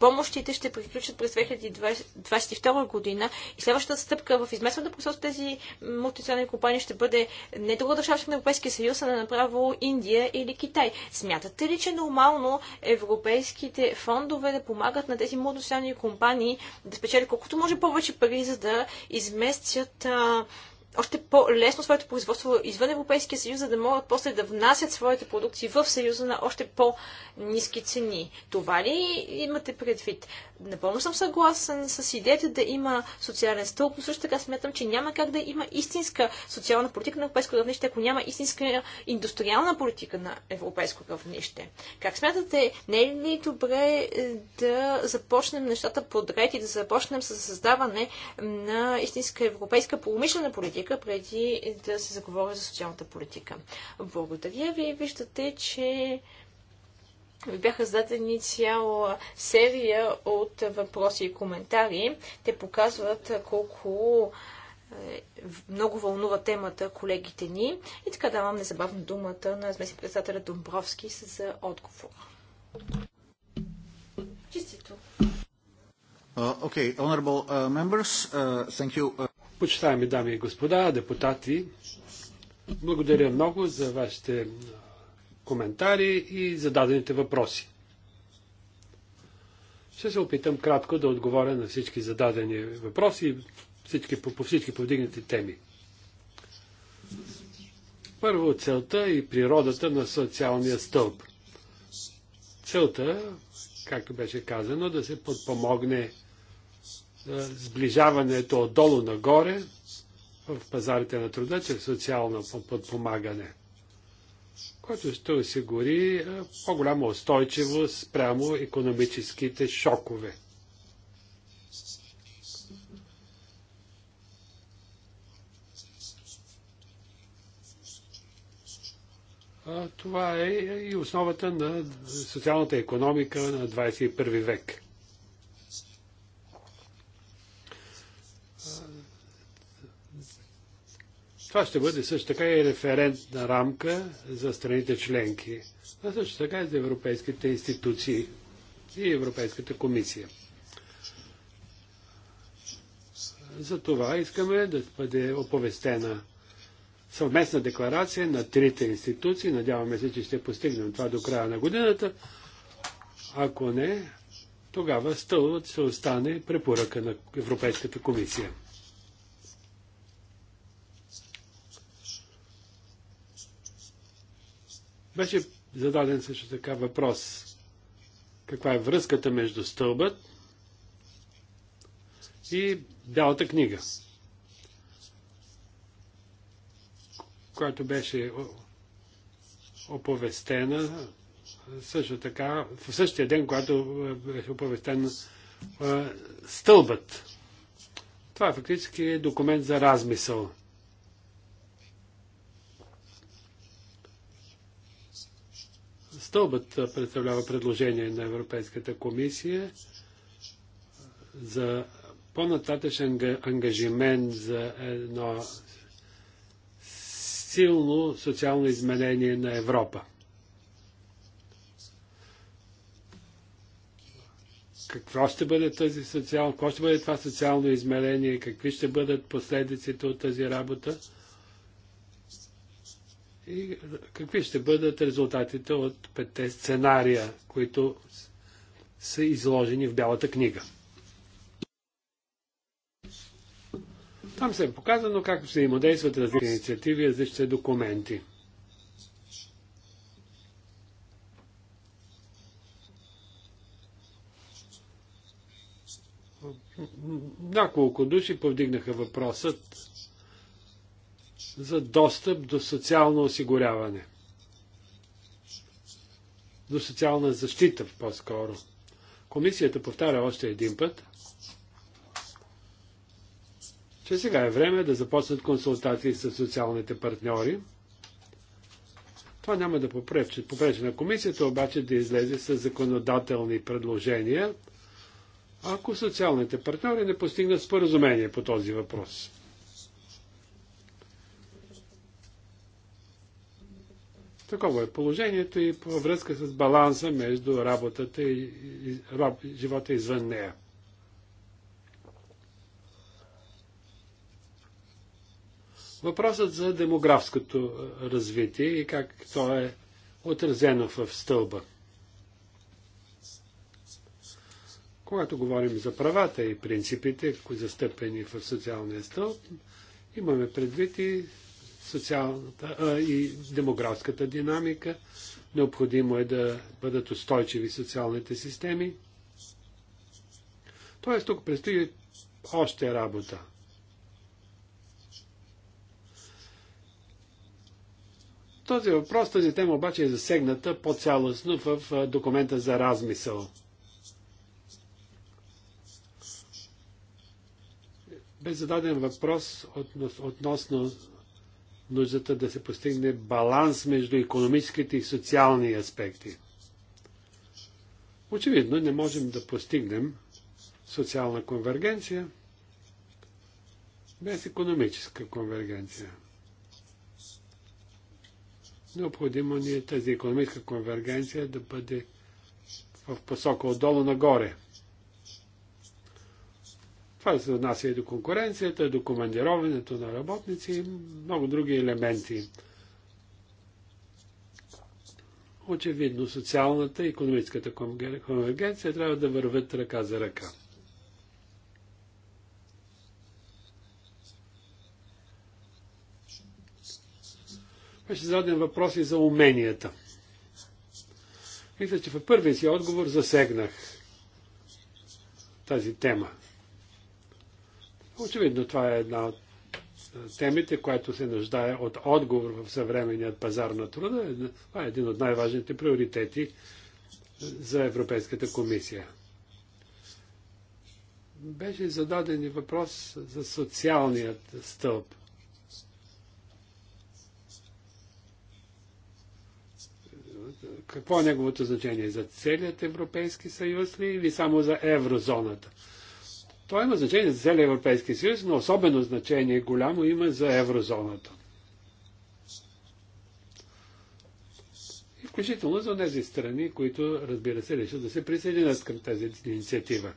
помощите ще приключат през 2022 година и следващата стъпка в изместването на тези мултинационални компании ще бъде не друга държава на Европейския съюз, а направо Индия или Китай. Смятате ли, че е нормално европейските фондове да помагат на тези мултинационални компании да спечелят колкото може повече пари, за да изместят а, още по-лесно своето производство извън Европейския съюз, за да могат после да внасят своите продукции в съюза на още по-низки цени. Това ли имате предвид? Напълно съм съгласен с идеята да има социален стълб, но също така смятам, че няма как да има истинска социална политика на европейско равнище, ако няма истинска индустриална политика на европейско равнище. Как смятате, не е ли добре е, да започнем нещата подред и да започнем с създаване на истинска европейска промишлена политика, преди да се заговори за социалната политика? Благодаря ви. Виждате, че бяха зададени цяла серия от въпроси и коментари. Те показват колко е, много вълнува темата колегите ни. И така давам незабавно думата на заместник председателя Домбровски за отговор. Чистито. Окей, uh, okay. uh, members, uh, thank you. Uh... Почитаеми дами и господа, депутати, благодаря много за вашите коментари и зададените въпроси. Ще се опитам кратко да отговоря на всички зададени въпроси всички, по, по всички повдигнати теми. Първо целта и природата на социалния стълб. Целта, както беше казано, да се подпомогне е, сближаването отдолу нагоре в пазарите на труда чрез социално подпомагане който ще осигури по-голяма устойчивост спрямо економическите шокове. Това е и основата на социалната економика на 21 век. Това ще бъде също така и референтна рамка за страните членки, а също така и за европейските институции и Европейската комисия. За това искаме да бъде оповестена съвместна декларация на трите институции. Надяваме се, че ще постигнем това до края на годината. Ако не, тогава стълът ще остане препоръка на Европейската комисия. Беше зададен също така въпрос. Каква е връзката между стълбът и Бялата книга, която беше оповестена също така, в същия ден, когато е, беше оповестен е, стълбът. Това фактически е документ за размисъл. Стълбът представлява предложение на Европейската комисия за по-нататъчен ангажимент за едно силно социално изменение на Европа. Какво ще бъде, тази социал... какво ще бъде това социално измерение, какви ще бъдат последиците от тази работа? и какви ще бъдат резултатите от петте сценария, които са изложени в Бялата книга. Там се е показано как се имодействат различни инициативи, различни документи. Няколко души повдигнаха въпросът за достъп до социално осигуряване. До социална защита по-скоро. Комисията повтаря още един път, че сега е време да започнат консултации с социалните партньори. Това няма да попречи, попречи на комисията, обаче да излезе с законодателни предложения, ако социалните партньори не постигнат споразумение по този въпрос. Такова е положението и във връзка с баланса между работата и, и и живота извън нея. Въпросът за демографското развитие и как то е отразено в стълба. Когато говорим за правата и принципите, застъпени в социалния стълб, имаме предвид и социалната а, и демографската динамика. Необходимо е да бъдат устойчиви социалните системи. Тоест тук предстои още работа. Този въпрос, тази тема обаче е засегната по-цялостно в документа за размисъл. Бе зададен въпрос относно нуждата да се постигне баланс между економическите и социални аспекти. Очевидно не можем да постигнем социална конвергенция без економическа конвергенция. Необходимо ни е тази економическа конвергенция да бъде в посока отдолу нагоре. Това се отнася и до конкуренцията, до командироването на работници и много други елементи. Очевидно, социалната и економическата конвергенция трябва да вървят ръка за ръка. Беше зададен въпрос и за уменията. Мисля, че в първия си отговор засегнах тази тема. Очевидно това е една от е, темите, която се нуждае от отговор в съвременният пазар на труда. Е, това е един от най-важните приоритети е, за Европейската комисия. Беше зададен и въпрос за социалният стълб. Какво е неговото значение? За целият Европейски съюз ли или само за еврозоната? Това има значение за целия Европейски съюз, но особено значение голямо има за еврозоната. И включително за тези страни, които, разбира се, решат да се присъединят към тази инициатива.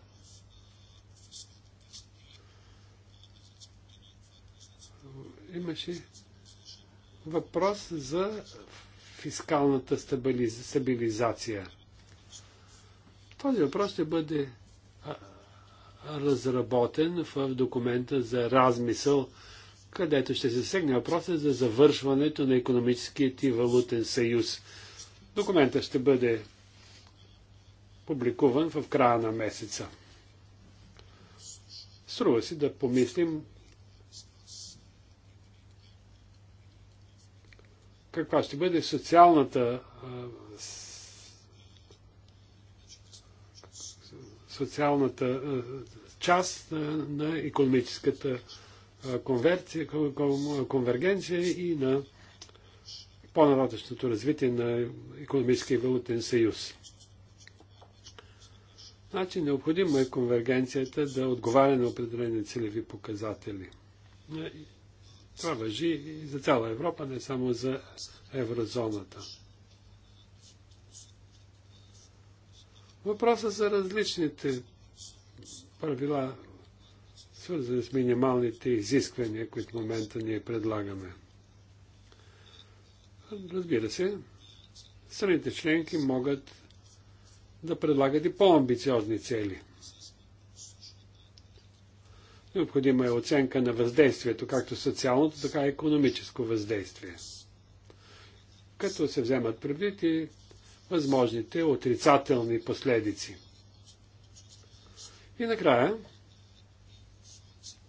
Имаше въпрос за фискалната стабилизация. Този въпрос ще бъде разработен в документа за размисъл, където ще се сегне въпроса за завършването на економическият и валутен съюз. Документът ще бъде публикуван в края на месеца. Струва си да помислим каква ще бъде социалната социалната част на економическата конвергенция и на по-нататъчното развитие на економическия валутен съюз. Значи необходимо е конвергенцията да отговаря на определени целеви показатели. Това въжи и за цяла Европа, не само за еврозоната. Въпросът за различните правила, свързани с минималните изисквания, които в момента ние предлагаме. Разбира се, страните членки могат да предлагат и по-амбициозни цели. Необходима е оценка на въздействието, както социалното, така и економическо въздействие. Като се вземат предвид и възможните отрицателни последици. И накрая,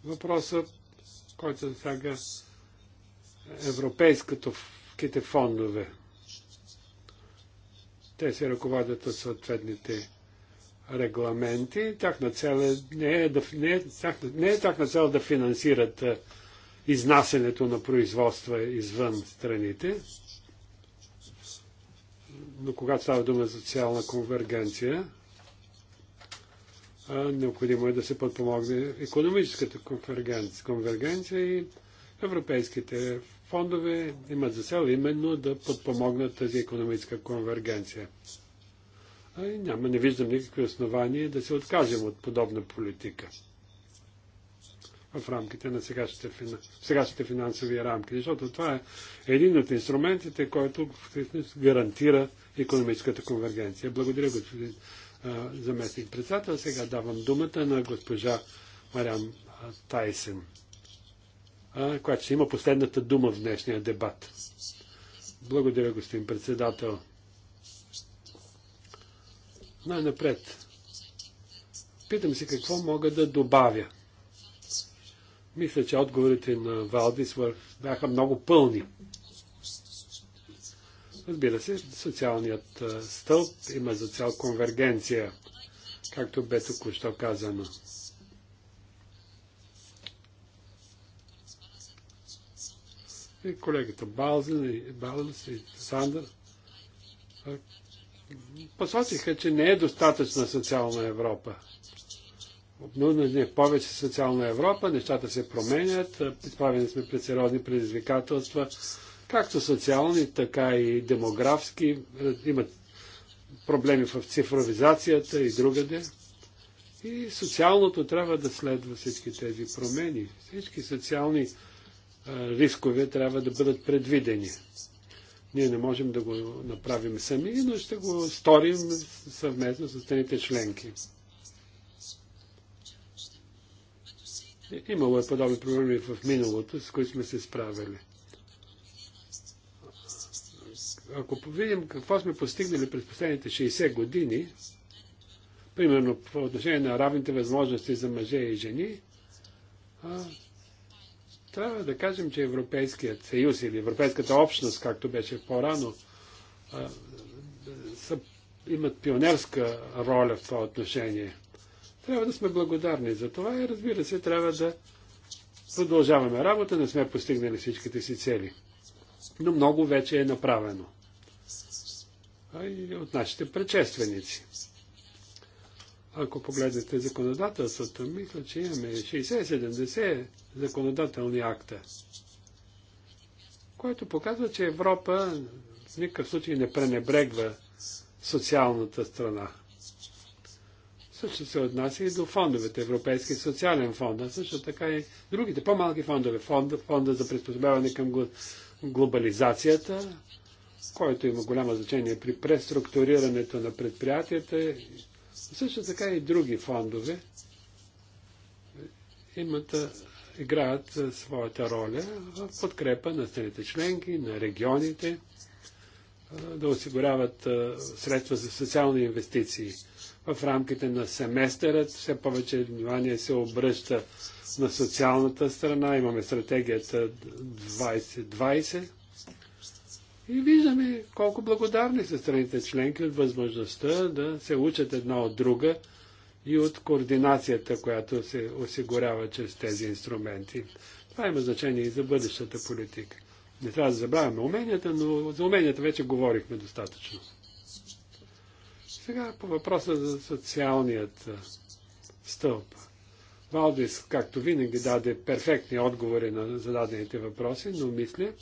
въпросът, който засяга европейските фондове. Те се ръководят от съответните регламенти. Тяхна цел е, не, е да, не, е, тяхна, не е тяхна цел да финансират изнасянето на производства извън страните но когато става дума за социална конвергенция, необходимо е да се подпомогне економическата конвергенция, и европейските фондове имат за цел именно да подпомогнат тази економическа конвергенция. А и няма, не виждам никакви основания да се откажем от подобна политика в рамките на сегашните, сегашните финансови рамки, защото това е един от инструментите, който гарантира економическата конвергенция. Благодаря, господин заместник председател. Сега давам думата на госпожа Марям Тайсен, която ще има последната дума в днешния дебат. Благодаря, господин председател. Най-напред. Питам се какво мога да добавя мисля, че отговорите на Валдис бяха много пълни. Разбира се, социалният стълб има за цял конвергенция, както бе току-що казано. И колегата Балзен и Баланс и Сандър посочиха, че не е достатъчна социална Европа нужна е повече социална Европа, нещата се променят, изправени сме пред сериозни предизвикателства, както социални, така и демографски, имат проблеми в цифровизацията и другаде. И социалното трябва да следва всички тези промени. Всички социални рискове трябва да бъдат предвидени. Ние не можем да го направим сами, но ще го сторим съвместно с страните членки. Имало е подобни проблеми в миналото, с които сме се справили. Ако видим какво сме постигнали през последните 60 години, примерно по отношение на равните възможности за мъже и жени, а, трябва да кажем, че Европейският съюз или Европейската общност, както беше по-рано, имат пионерска роля в това отношение – трябва да сме благодарни за това и разбира се, трябва да продължаваме работа, не сме постигнали всичките си цели. Но много вече е направено. А и от нашите предшественици. Ако погледнете законодателството, мисля, че имаме 60-70 законодателни акта, което показва, че Европа в никакъв случай не пренебрегва социалната страна. Също се отнася и до фондовете, Европейски социален фонд, а също така и другите по-малки фондове, фонда, фонда за приспособяване към глобализацията, който има голямо значение при преструктурирането на предприятията, също така и други фондове имат, играят своята роля в подкрепа на страните членки, на регионите, да осигуряват средства за социални инвестиции в рамките на семестъра все повече внимание се обръща на социалната страна. Имаме стратегията 2020. И виждаме колко благодарни са страните членки от възможността да се учат една от друга и от координацията, която се осигурява чрез тези инструменти. Това има значение и за бъдещата политика. Не трябва да забравяме уменията, но за уменията вече говорихме достатъчно. Сега по въпроса за социалният стълб. Валдис, както винаги, даде перфектни отговори на зададените въпроси, но мисля,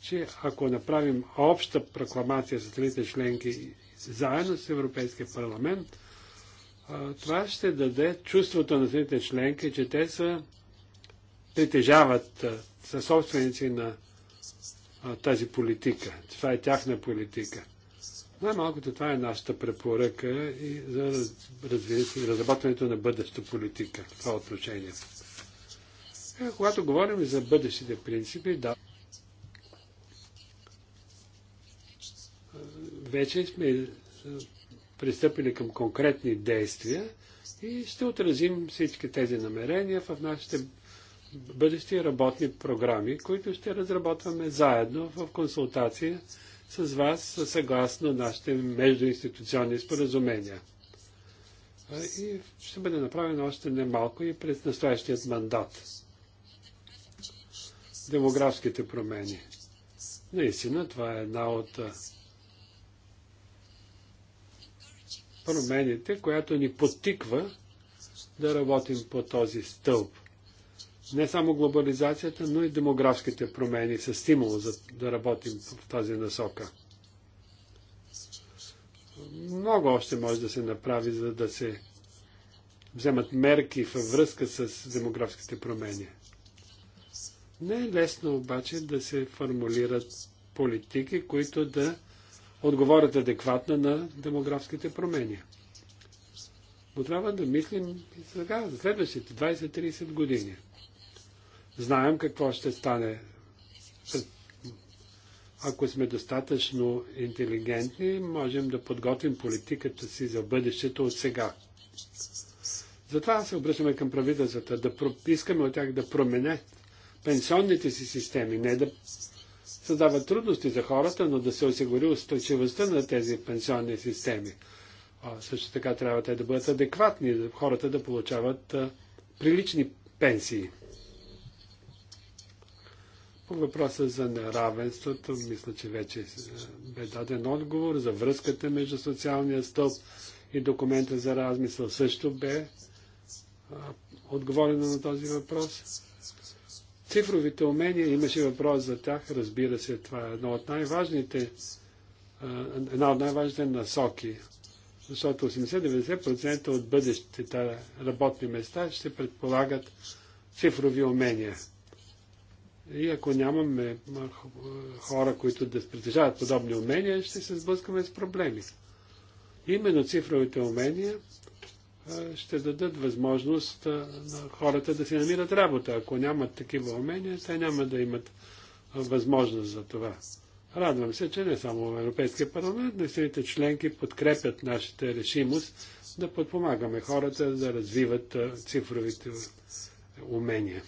че ако направим обща прокламация за трите членки заедно с Европейския парламент, това ще даде чувството на трите членки, че те са притежават, със собственици на тази политика. Това е тяхна политика. Най-малкото това е нашата препоръка и за разработването на бъдеща политика в това отношение. Е, когато говорим за бъдещите принципи, да. Вече сме е, пристъпили към конкретни действия и ще отразим всички тези намерения в нашите бъдещи работни програми, които ще разработваме заедно в консултация с вас съгласно нашите междуинституционни споразумения. И ще бъде направено още немалко и през настоящият мандат. Демографските промени. Наистина, това е една от промените, която ни потиква да работим по този стълб не само глобализацията, но и демографските промени са стимул за да работим в тази насока. Много още може да се направи, за да се вземат мерки във връзка с демографските промени. Не е лесно обаче да се формулират политики, които да отговорят адекватно на демографските промени. Но трябва да мислим и сега, за следващите 20-30 години знаем какво ще стане. Ако сме достатъчно интелигентни, можем да подготвим политиката си за бъдещето от сега. Затова се обръщаме към правителствата, да искаме от тях да променят пенсионните си системи, не да създават трудности за хората, но да се осигури устойчивостта на тези пенсионни системи. А, също така трябва те да бъдат адекватни, хората да получават а, прилични пенсии. По въпроса за неравенството, мисля, че вече е, бе даден отговор за връзката между социалния стоп и документа за размисъл също бе отговорено на този въпрос. Цифровите умения, имаше въпрос за тях, разбира се, това е едно от най-важните, една от най-важните насоки, защото 80-90% от бъдещите работни места ще предполагат цифрови умения. И ако нямаме хора, които да притежават подобни умения, ще се сблъскаме с проблеми. Именно цифровите умения ще дадат възможност на хората да си намират работа. Ако нямат такива умения, те няма да имат възможност за това. Радвам се, че не само в Европейския парламент, но и самите членки подкрепят нашата решимост да подпомагаме хората да развиват цифровите умения.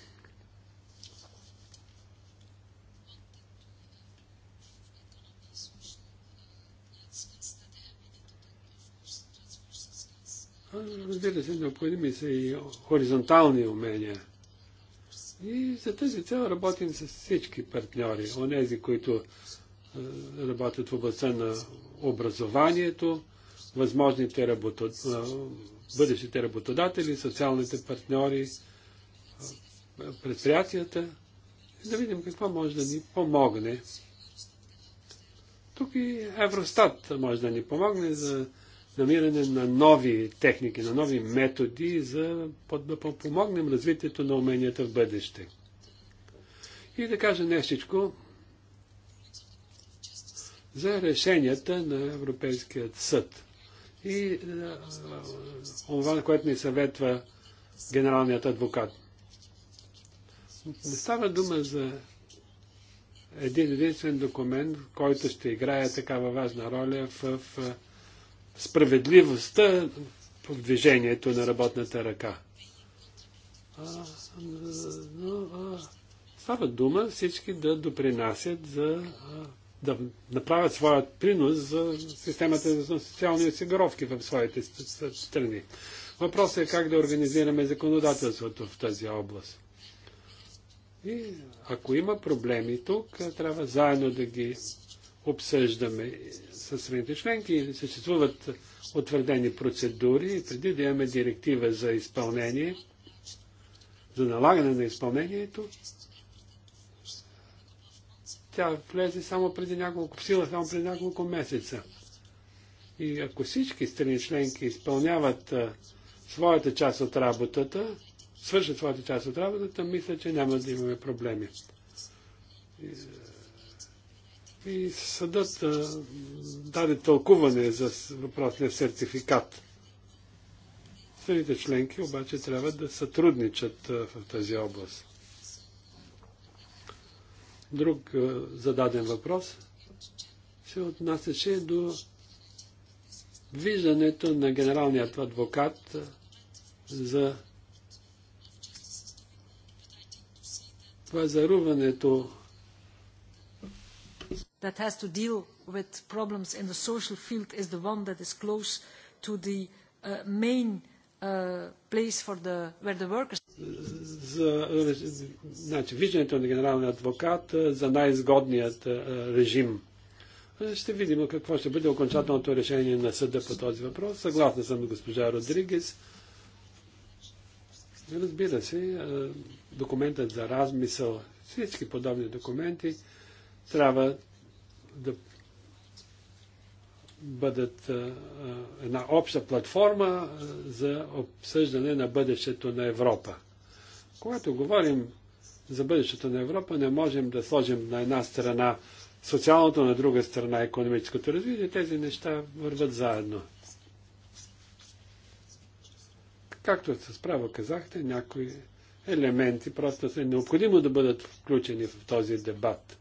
разбира се, необходими са и хоризонтални умения. И за тази цел работим с всички партньори. Онези, които е, работят в областта на образованието, възможните работо... Е, бъдещите работодатели, социалните партньори, е, предприятията, да видим какво може да ни помогне. Тук и Евростат може да ни помогне за намиране на нови техники, на нови методи за да помогнем развитието на уменията в бъдеще. И да кажа нещичко за решенията на Европейският съд и това, е, което ни съветва генералният адвокат. Не става дума за един единствен документ, който ще играе такава важна роля в, в справедливостта в движението на работната ръка. А, но, а, става дума всички да допринасят за а, да направят своят принос за системата за социални осигуровки в своите страни. Въпросът е как да организираме законодателството в тази област. И ако има проблеми тук, трябва заедно да ги обсъждаме с страните членки съществуват утвърдени процедури, преди да имаме директива за изпълнение, за налагане на изпълнението, тя влезе само преди няколко, сила само преди няколко месеца. И ако всички страни членки изпълняват своята част от работата, свършат своята част от работата, мисля, че няма да имаме проблеми. И съдът даде тълкуване за въпросния сертификат. Страните членки обаче трябва да сътрудничат в тази област. Друг зададен въпрос се отнасяше до виждането на генералният адвокат за пазаруването that has to deal with problems in the social field is the one that is close to the uh, main uh, place for the, where the workers... За, значи, виждането на генералния адвокат е, за най-изгодният е, е, режим. Ще видим какво ще бъде окончателното решение на съда по този въпрос. Съгласна съм с госпожа Родригес. Разбира се, документът за размисъл, всички подобни документи трябва да бъдат една обща платформа за обсъждане на бъдещето на Европа. Когато говорим за бъдещето на Европа, не можем да сложим на една страна социалното, на друга страна економическото развитие. Тези неща върват заедно. Както с право казахте, някои елементи просто са необходимо да бъдат включени в този дебат.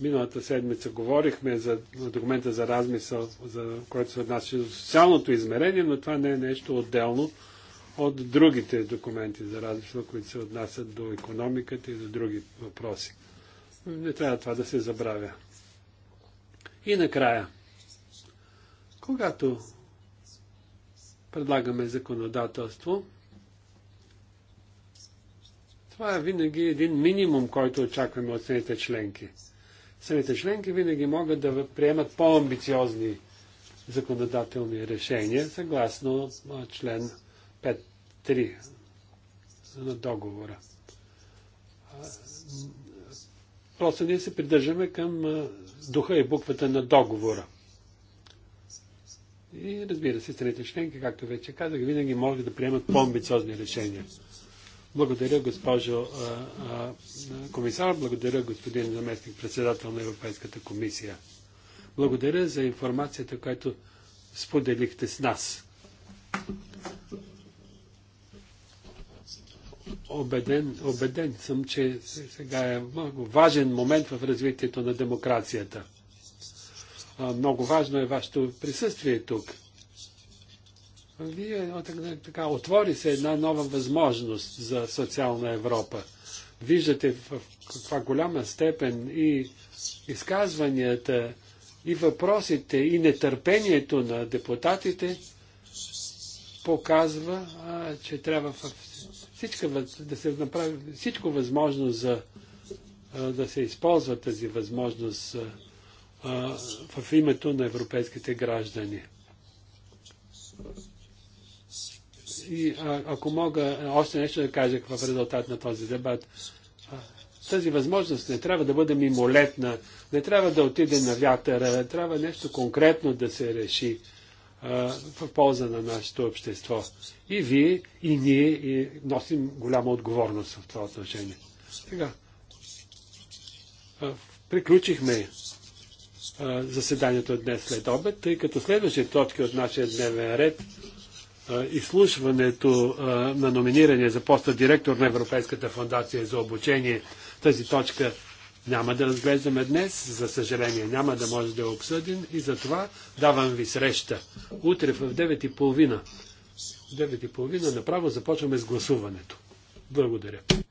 Миналата седмица говорихме за, за документа за размисъл, за който се отнася до социалното измерение, но това не е нещо отделно от другите документи за размисъл, които се отнасят до економиката и до други въпроси. Не трябва това да се забравя. И накрая, когато предлагаме законодателство, това е винаги един минимум, който очакваме от страните членки страните членки винаги могат да приемат по-амбициозни законодателни решения, съгласно член 5.3 на договора. Просто ние се придържаме към духа и буквата на договора. И разбира се, страните членки, както вече казах, винаги могат да приемат по-амбициозни решения. Благодаря, госпожо комисар, благодаря, господин заместник председател на Европейската комисия. Благодаря за информацията, която споделихте с нас. Обеден, обеден съм, че сега е много важен момент в развитието на демокрацията. Много важно е вашето присъствие тук. Вие е, така, отвори се една нова възможност за социална Европа. Виждате в каква голяма степен и изказванията, и въпросите, и нетърпението на депутатите показва, а, че трябва всичко, да се направи всичко възможно за а, да се използва тази възможност а, в името на европейските граждани. И а, ако мога още нещо да кажа в резултат на този дебат, тази възможност не трябва да бъде мимолетна, не трябва да отиде на вятъра, трябва нещо конкретно да се реши в полза на нашето общество. И вие, и ние и носим голяма отговорност в това отношение. Сега, приключихме заседанието днес след обед, тъй като следващите точки от нашия дневен ред изслушването на номиниране за поста директор на Европейската фундация за обучение. Тази точка няма да разглеждаме днес, за съжаление няма да може да я обсъдим и затова давам ви среща. Утре в 9.30. 9.30 направо започваме с гласуването. Благодаря.